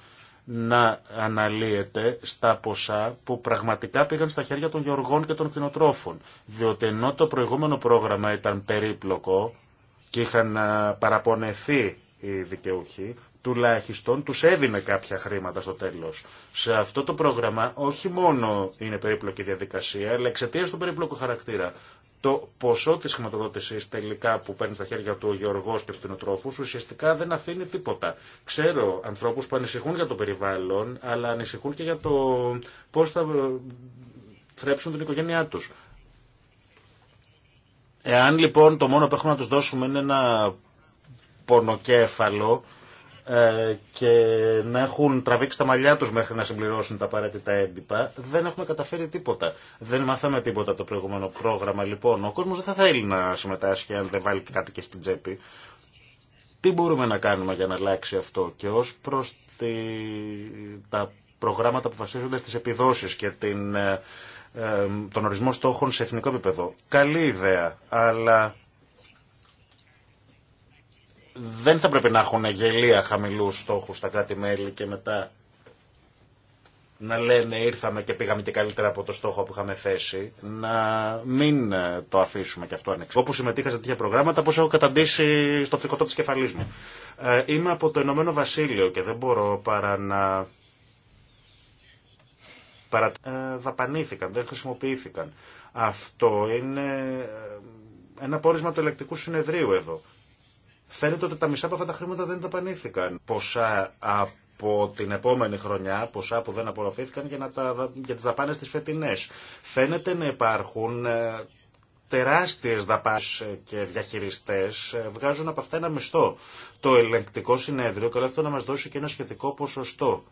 να αναλύεται στα ποσά που πραγματικά πήγαν στα χέρια των γεωργών και των κτηνοτρόφων. Διότι ενώ το προηγούμενο πρόγραμμα ήταν περίπλοκο και είχαν παραπονεθεί οι δικαιούχοι, τουλάχιστον τους έδινε κάποια χρήματα στο τέλος. Σε αυτό το πρόγραμμα όχι μόνο είναι περίπλοκη διαδικασία, αλλά εξαιτία του περίπλοκου χαρακτήρα το ποσό της χρηματοδότησης τελικά που παίρνει στα χέρια του ο Γεωργός και ο κτηνοτρόφους ουσιαστικά δεν αφήνει τίποτα. Ξέρω ανθρώπους που ανησυχούν για το περιβάλλον, αλλά ανησυχούν και για το πώς θα ε, θρέψουν την οικογένειά τους. Εάν λοιπόν το μόνο που έχουμε να τους δώσουμε είναι ένα πονοκέφαλο, ε, και να έχουν τραβήξει τα μαλλιά τους μέχρι να συμπληρώσουν τα απαραίτητα έντυπα, δεν έχουμε καταφέρει τίποτα. Δεν μάθαμε τίποτα το προηγούμενο πρόγραμμα. Λοιπόν, ο κόσμος δεν θα θέλει να συμμετάσχει αν δεν βάλει κάτι και στην τσέπη. Τι μπορούμε να κάνουμε για να αλλάξει αυτό και ως προς τα προγράμματα που βασίζονται στις επιδόσεις και την... Ε, ε, τον ορισμό στόχων σε εθνικό επίπεδο. Καλή ιδέα, αλλά δεν θα πρέπει να έχουν γελία χαμηλού στόχου στα κράτη-μέλη και μετά να λένε ήρθαμε και πήγαμε και καλύτερα από το στόχο που είχαμε θέσει, να μην ε, το αφήσουμε και αυτό ανεξάρτητο. Όπου συμμετείχα σε τέτοια προγράμματα, πώ έχω καταντήσει στο τρικοτό τη κεφαλή μου. Ε, είμαι από το Ηνωμένο Βασίλειο και δεν μπορώ παρά να. Παρα... Ε, δαπανήθηκαν, δεν χρησιμοποιήθηκαν. Αυτό είναι ε, ένα πόρισμα του ελεκτικού συνεδρίου εδώ. Φαίνεται ότι τα μισά από αυτά τα χρήματα δεν ταπανήθηκαν. Ποσά από την επόμενη χρονιά, ποσά που δεν απορροφήθηκαν για, να τα, για τις δαπάνες τις φετινές. Φαίνεται να υπάρχουν ε, τεράστιες δαπάνες ε, και διαχειριστές ε, βγάζουν από αυτά ένα μισθό. Το ελεγκτικό συνέδριο καλό αυτό να μας δώσει και ένα σχετικό ποσοστό.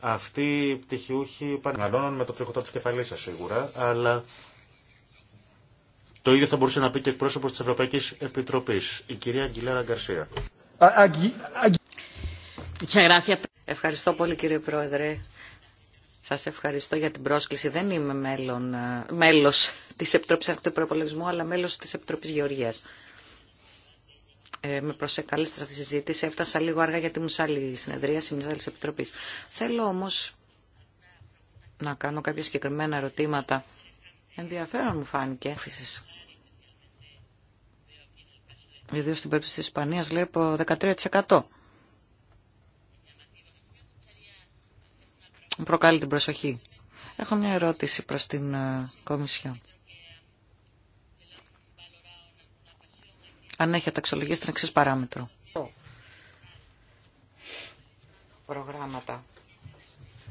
Αυτοί οι πτυχιούχοι πανεγαλώνουν με το ψυχοτό της κεφαλής σας σίγουρα, αλλά το ίδιο θα μπορούσε να πει και εκπρόσωπο τη Ευρωπαϊκή Επιτροπή, η κυρία Αγγιλέρα Γκαρσία. Ευχαριστώ πολύ κύριε Πρόεδρε. Σας ευχαριστώ για την πρόσκληση. Δεν είμαι μέλο ε, μέλος της Επιτροπής αλλά μέλος της Επιτροπής Γεωργίας. Ε, με προσεκαλείστε σε αυτή τη συζήτηση. Έφτασα λίγο αργά γιατί μου σε άλλη συνεδρία, σε μια άλλη επιτροπή. Θέλω όμως να κάνω κάποια συγκεκριμένα ερωτήματα Ενδιαφέρον μου φάνηκε. Ιδίω στην περίπτωση της Ισπανίας βλέπω 13%. προκάλλει την προσοχή. Έχω μια ερώτηση προς την ε, Κομισιόν. Αν έχετε αξιολογήσει την εξή παράμετρο. Προγράμματα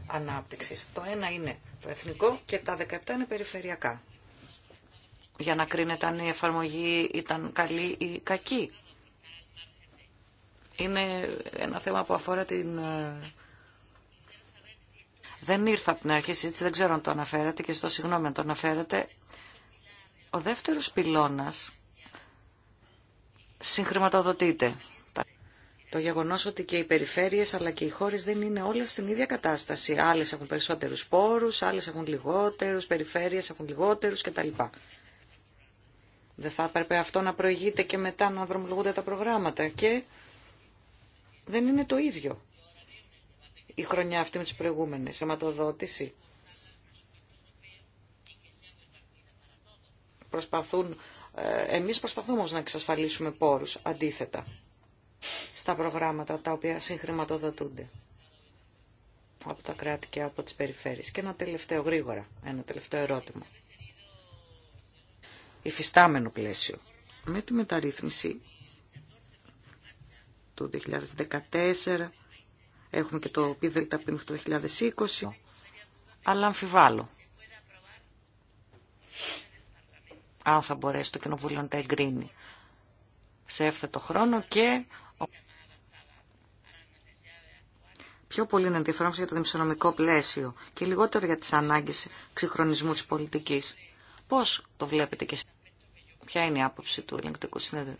ανάπτυξης. Το ένα είναι το εθνικό και τα 17 είναι περιφερειακά. Για να κρίνεται αν η εφαρμογή ήταν καλή ή κακή. Είναι ένα θέμα που αφορά την... Ε, δεν ήρθα από την αρχή συζήτηση, δεν ξέρω αν το αναφέρατε και στο συγγνώμη αν το αναφέρατε. Ο δεύτερος πυλώνας συγχρηματοδοτείται το γεγονό ότι και οι περιφέρειες αλλά και οι χώρε δεν είναι όλε στην ίδια κατάσταση. Άλλε έχουν περισσότερου πόρου, άλλε έχουν λιγότερου, περιφέρειες έχουν λιγότερου κτλ. Δεν θα έπρεπε αυτό να προηγείται και μετά να δρομολογούνται τα προγράμματα και δεν είναι το ίδιο η χρονιά αυτή με τι προηγούμενε Σηματοδότηση. Προσπαθούν, ε, εμείς προσπαθούμε όμως να εξασφαλίσουμε πόρους αντίθετα στα προγράμματα τα οποία συγχρηματοδοτούνται από τα κράτη και από τις περιφέρειες. Και ένα τελευταίο γρήγορα, ένα τελευταίο ερώτημα. Υφιστάμενο πλαίσιο. Με τη μεταρρύθμιση του 2014 έχουμε και το πίδελτα μέχρι το 2020, αλλά αμφιβάλλω αν θα μπορέσει το Κοινοβούλιο να τα εγκρίνει σε έφθετο χρόνο και πιο πολύ είναι ενδιαφέρον για το δημοσιονομικό πλαίσιο και λιγότερο για τις ανάγκες ξυγχρονισμού της πολιτικής. Πώς το βλέπετε και ποια είναι η άποψη του ελεγκτικού συνέδριου.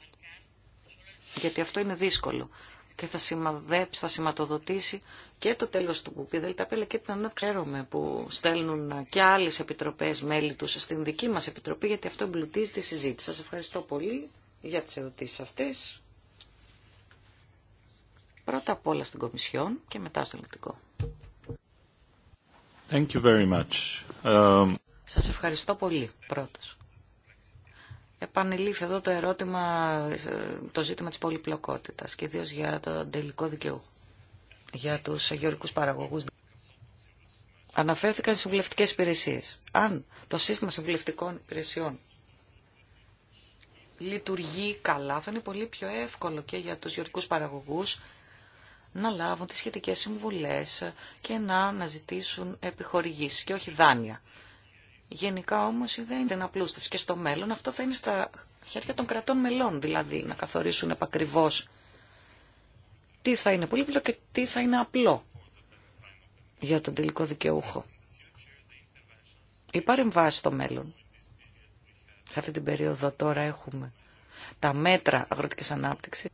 Γιατί αυτό είναι δύσκολο και θα σημαδέψει, θα σηματοδοτήσει και το τέλος του κουπί ΔΕΛΤΑΠΕ αλλά και την ανάπτυξη. που στέλνουν και άλλες επιτροπές μέλη τους στην δική μας επιτροπή γιατί αυτό εμπλουτίζει τη συζήτηση. Σας ευχαριστώ πολύ για τις ερωτήσεις αυτές. Πρώτα απ' όλα στην Κομισιόν και μετά στο Ελεκτικό. Thank you very much. Um, Σας ευχαριστώ πολύ πρώτος. Επανελήφθη εδώ το ερώτημα, ε, το ζήτημα της πολυπλοκότητας και ιδίω για το τελικό δικαιού, για τους γεωργικούς παραγωγούς. Αναφέρθηκαν συμβουλευτικέ υπηρεσίες. Αν το σύστημα συμβουλευτικών υπηρεσιών λειτουργεί καλά, θα είναι πολύ πιο εύκολο και για τους γεωργικούς παραγωγούς να λάβουν τις σχετικές συμβουλές και να αναζητήσουν επιχορηγήσεις και όχι δάνεια. Γενικά όμως η ιδέα είναι να πλούστευση και στο μέλλον αυτό θα είναι στα χέρια των κρατών μελών, δηλαδή να καθορίσουν επακριβώς τι θα είναι πολύπλοκο και τι θα είναι απλό για τον τελικό δικαιούχο. Η παρεμβάση στο μέλλον. Σε αυτή την περίοδο τώρα έχουμε τα μέτρα αγροτικής ανάπτυξης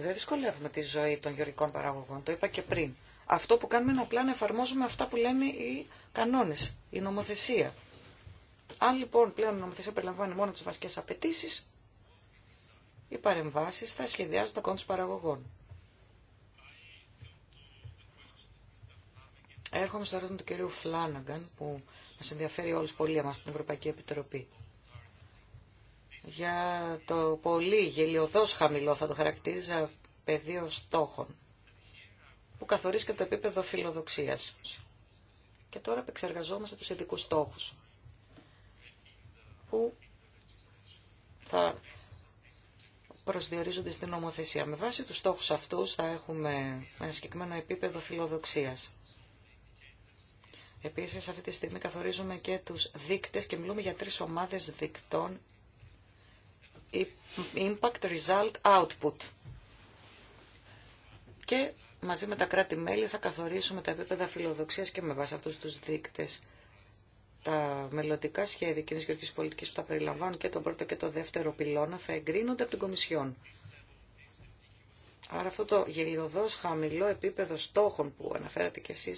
Δεν δυσκολεύουμε τη ζωή των γεωργικών παραγωγών, το είπα και πριν. Αυτό που κάνουμε είναι απλά να εφαρμόζουμε αυτά που λένε οι κανόνε, η νομοθεσία. Αν λοιπόν πλέον η νομοθεσία περιλαμβάνει μόνο τι βασικέ απαιτήσει, οι παρεμβάσει θα σχεδιάζονται ακόμα του παραγωγών. Έρχομαι στο ερώτημα του κυρίου Φλάναγκαν που μα ενδιαφέρει όλου πολύ εμά στην Ευρωπαϊκή Επιτροπή για το πολύ γελιοδός χαμηλό θα το χαρακτήριζα πεδίο στόχων που καθορίζει και το επίπεδο φιλοδοξίας. Και τώρα επεξεργαζόμαστε τους ειδικού στόχους που θα προσδιορίζονται στην νομοθεσία. Με βάση τους στόχους αυτούς θα έχουμε ένα συγκεκριμένο επίπεδο φιλοδοξίας. Επίσης, αυτή τη στιγμή καθορίζουμε και τους δείκτες και μιλούμε για τρεις ομάδες δικτών Impact Result Output. Και μαζί με τα κράτη-μέλη θα καθορίσουμε τα επίπεδα φιλοδοξίας και με βάση αυτούς τους δείκτες τα μελλοντικά σχέδια κοινή γεωργική πολιτική που θα περιλαμβάνουν και τον πρώτο και τον δεύτερο πυλώνα θα εγκρίνονται από την Κομισιόν. Άρα αυτό το γελιοδό χαμηλό επίπεδο στόχων που αναφέρατε κι εσεί,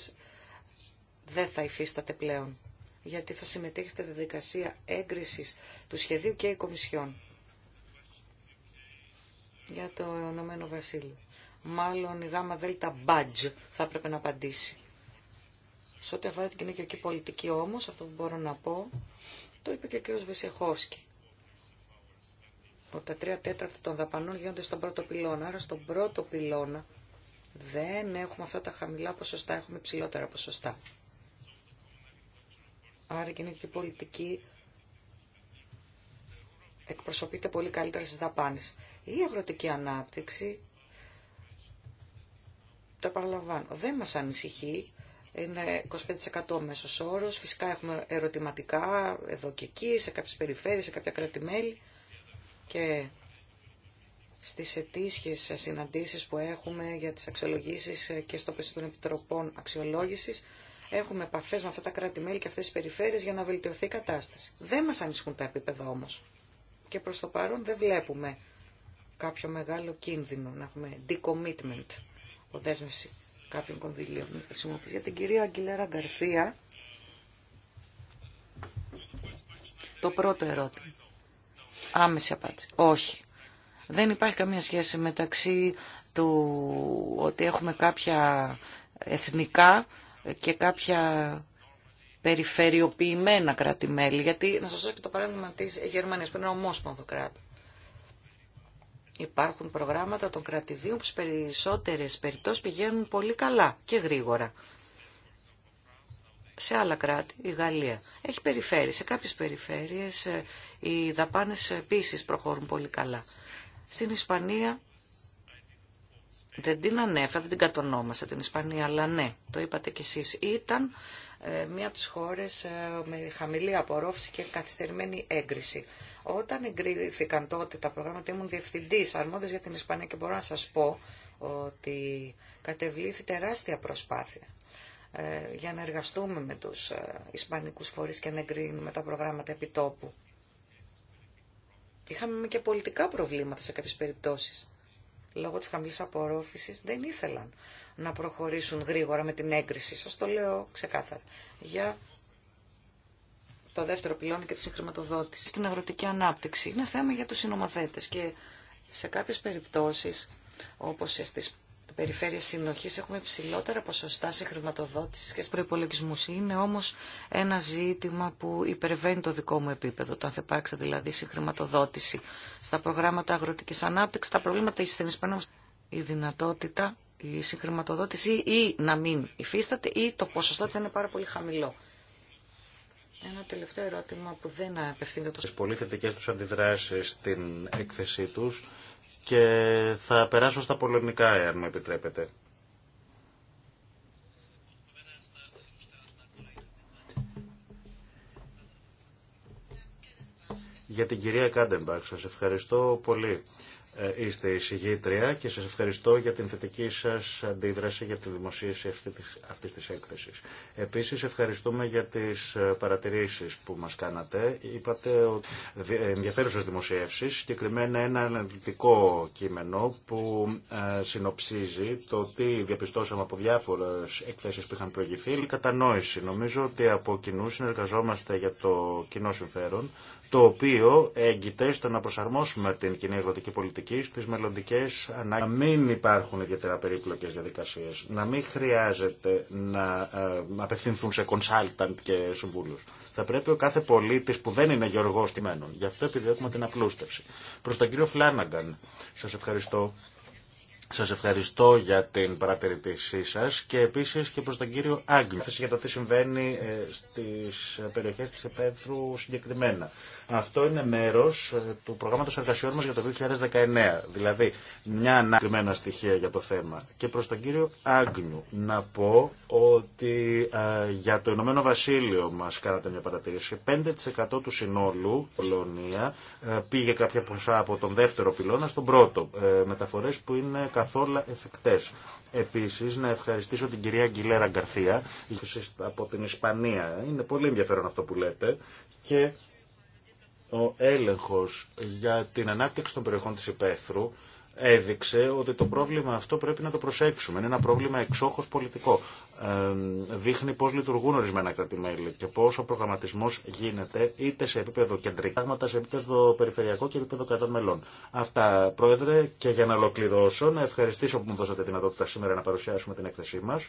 δεν θα υφίσταται πλέον, γιατί θα συμμετέχει στη διαδικασία έγκρισης του σχεδίου και η Κομισιόν για το Ηνωμένο Βασίλειο. Μάλλον η γάμα δέλτα μπάτζ θα έπρεπε να απαντήσει. Σε ό,τι αφορά την κοινωνική πολιτική όμως, αυτό που μπορώ να πω, το είπε και ο κ. Βεσεχόφσκι. Ότι τα τρία τέταρτα των δαπανών γίνονται στον πρώτο πυλώνα. Άρα στον πρώτο πυλώνα δεν έχουμε αυτά τα χαμηλά ποσοστά, έχουμε ψηλότερα ποσοστά. Άρα η κοινωνική πολιτική εκπροσωπείται πολύ καλύτερα στι δαπάνε. Η αγροτική ανάπτυξη, το παραλαμβάνω, δεν μας ανησυχεί. Είναι 25% μέσος όρος. Φυσικά έχουμε ερωτηματικά εδώ και εκεί, σε κάποιες περιφέρειες, σε κάποια κράτη-μέλη. Και στις ετήσιες συναντήσεις που έχουμε για τις αξιολογήσεις και στο πλαίσιο των επιτροπών αξιολόγησης, έχουμε επαφέ με αυτά τα κράτη-μέλη και αυτέ τι περιφέρειε για να βελτιωθεί η κατάσταση. Δεν μα ανησυχούν τα επίπεδα όμω. Και προ το παρόν δεν βλέπουμε κάποιο μεγάλο κίνδυνο, να έχουμε decommitment, οδέσμευση κάποιων κονδυλίων. Χρησιμοποιήσει για την κυρία Αγγιλέρα Γκαρθία το πρώτο ερώτημα. Άμεση απάντηση. Όχι. Δεν υπάρχει καμία σχέση μεταξύ του ότι έχουμε κάποια εθνικά και κάποια περιφερειοποιημένα κράτη-μέλη. Γιατί, να σας δώσω και το παράδειγμα της Γερμανίας, που είναι ομόσπονδο κράτο. Υπάρχουν προγράμματα των κρατηδίων που στις περισσότερες περιπτώσεις πηγαίνουν πολύ καλά και γρήγορα. Σε άλλα κράτη, η Γαλλία έχει περιφέρει. Σε κάποιες περιφέρειες ε, οι δαπάνες επίση προχωρούν πολύ καλά. Στην Ισπανία δεν την ανέφερα, δεν την κατονόμασα την Ισπανία, αλλά ναι, το είπατε κι εσείς, ήταν ε, μία από τις χώρες ε, με χαμηλή απορρόφηση και καθυστερημένη έγκριση. Όταν εγκρίθηκαν τότε τα προγράμματα, ήμουν διευθυντής αρμόδιος για την Ισπανία και μπορώ να σας πω ότι κατεβλήθη τεράστια προσπάθεια ε, για να εργαστούμε με τους ισπανικούς φορείς και να εγκρίνουμε τα προγράμματα επιτόπου. Είχαμε και πολιτικά προβλήματα σε κάποιες περιπτώσεις λόγω της χαμηλής απορρόφησης δεν ήθελαν να προχωρήσουν γρήγορα με την έγκριση. Σας το λέω ξεκάθαρα. Για το δεύτερο πυλώνα και τη συγχρηματοδότηση στην αγροτική ανάπτυξη. Είναι θέμα για τους συνομοθέτες και σε κάποιες περιπτώσεις, όπως στις περιφέρειες συνοχής έχουμε υψηλότερα ποσοστά σε χρηματοδότηση και προπολογισμού. Είναι όμως ένα ζήτημα που υπερβαίνει το δικό μου επίπεδο. Το αν θα υπάρξει δηλαδή χρηματοδότηση στα προγράμματα αγροτικής ανάπτυξης, τα προβλήματα της η δυνατότητα, η συγχρηματοδότηση ή να μην υφίσταται ή το ποσοστό τη είναι πάρα πολύ χαμηλό. Ένα τελευταίο ερώτημα που δεν απευθύνεται τόσο. Πολύ θετικέ του αντιδράσει στην έκθεσή του και θα περάσω στα πολωνικά, αν μου επιτρέπετε. Για την κυρία Κάντεμπαξ, σας ευχαριστώ πολύ ε, είστε εισηγήτρια και σας ευχαριστώ για την θετική σας αντίδραση για τη δημοσίευση αυτής της έκθεσης. Επίσης ευχαριστούμε για τις ε, παρατηρήσεις που μας κάνατε. Είπατε ότι ε, ενδιαφέρουσες δημοσίευσεις, συγκεκριμένα ένα αναλυτικό κείμενο που συνοψίζει το τι διαπιστώσαμε από διάφορες εκθέσεις που είχαν προηγηθεί, η κατανόηση. Νομίζω ότι από κοινού συνεργαζόμαστε για το κοινό συμφέρον, το οποίο έγκυται στο να προσαρμόσουμε την κοινή αγροτική πολιτική στι μελλοντικέ ανάγκε. Να μην υπάρχουν ιδιαίτερα περίπλοκέ διαδικασίε. να μην χρειάζεται να ε, απευθυνθούν σε κονσάλταντ και συμβούλου. Θα πρέπει ο κάθε πολίτη που δεν είναι γεωργός κειμένων, Γι' αυτό επιδιώκουμε την απλούστευση. Προ τον κύριο Φλάναγκαν, σα ευχαριστώ. Σας ευχαριστώ για την παρατηρητήσή σας και επίσης και προς τον κύριο Άγγιν. για το τι συμβαίνει ε, στι περιοχέ τη Επέθρου συγκεκριμένα. Αυτό είναι μέρος ε, του προγράμματος εργασιών μας για το 2019. Δηλαδή, μια ανακριμένα στοιχεία για το θέμα. Και προς τον κύριο Άγνιου να πω ότι ε, για το Ηνωμένο Βασίλειο μας κάνατε μια παρατήρηση. 5% του συνόλου, Πολωνία, ε, πήγε κάποια ποσά από τον δεύτερο πυλώνα στον πρώτο. Ε, μεταφορές που είναι καθόλου εφικτέ. Επίσης, να ευχαριστήσω την κυρία Αγγιλέρα Γκαρθία από την Ισπανία. Είναι πολύ ενδιαφέρον αυτό που λέτε. Και ο έλεγχος για την ανάπτυξη των περιοχών της υπαίθρου έδειξε ότι το πρόβλημα αυτό πρέπει να το προσέξουμε. Είναι ένα πρόβλημα εξόχως πολιτικό. δείχνει πώς λειτουργούν ορισμένα κρατημέλη και πώς ο προγραμματισμός γίνεται είτε σε επίπεδο κεντρικά, είτε σε επίπεδο περιφερειακό και επίπεδο κρατών μελών. Αυτά, Πρόεδρε, και για να ολοκληρώσω, να ευχαριστήσω που μου δώσατε τη δυνατότητα σήμερα να παρουσιάσουμε την έκθεσή μας.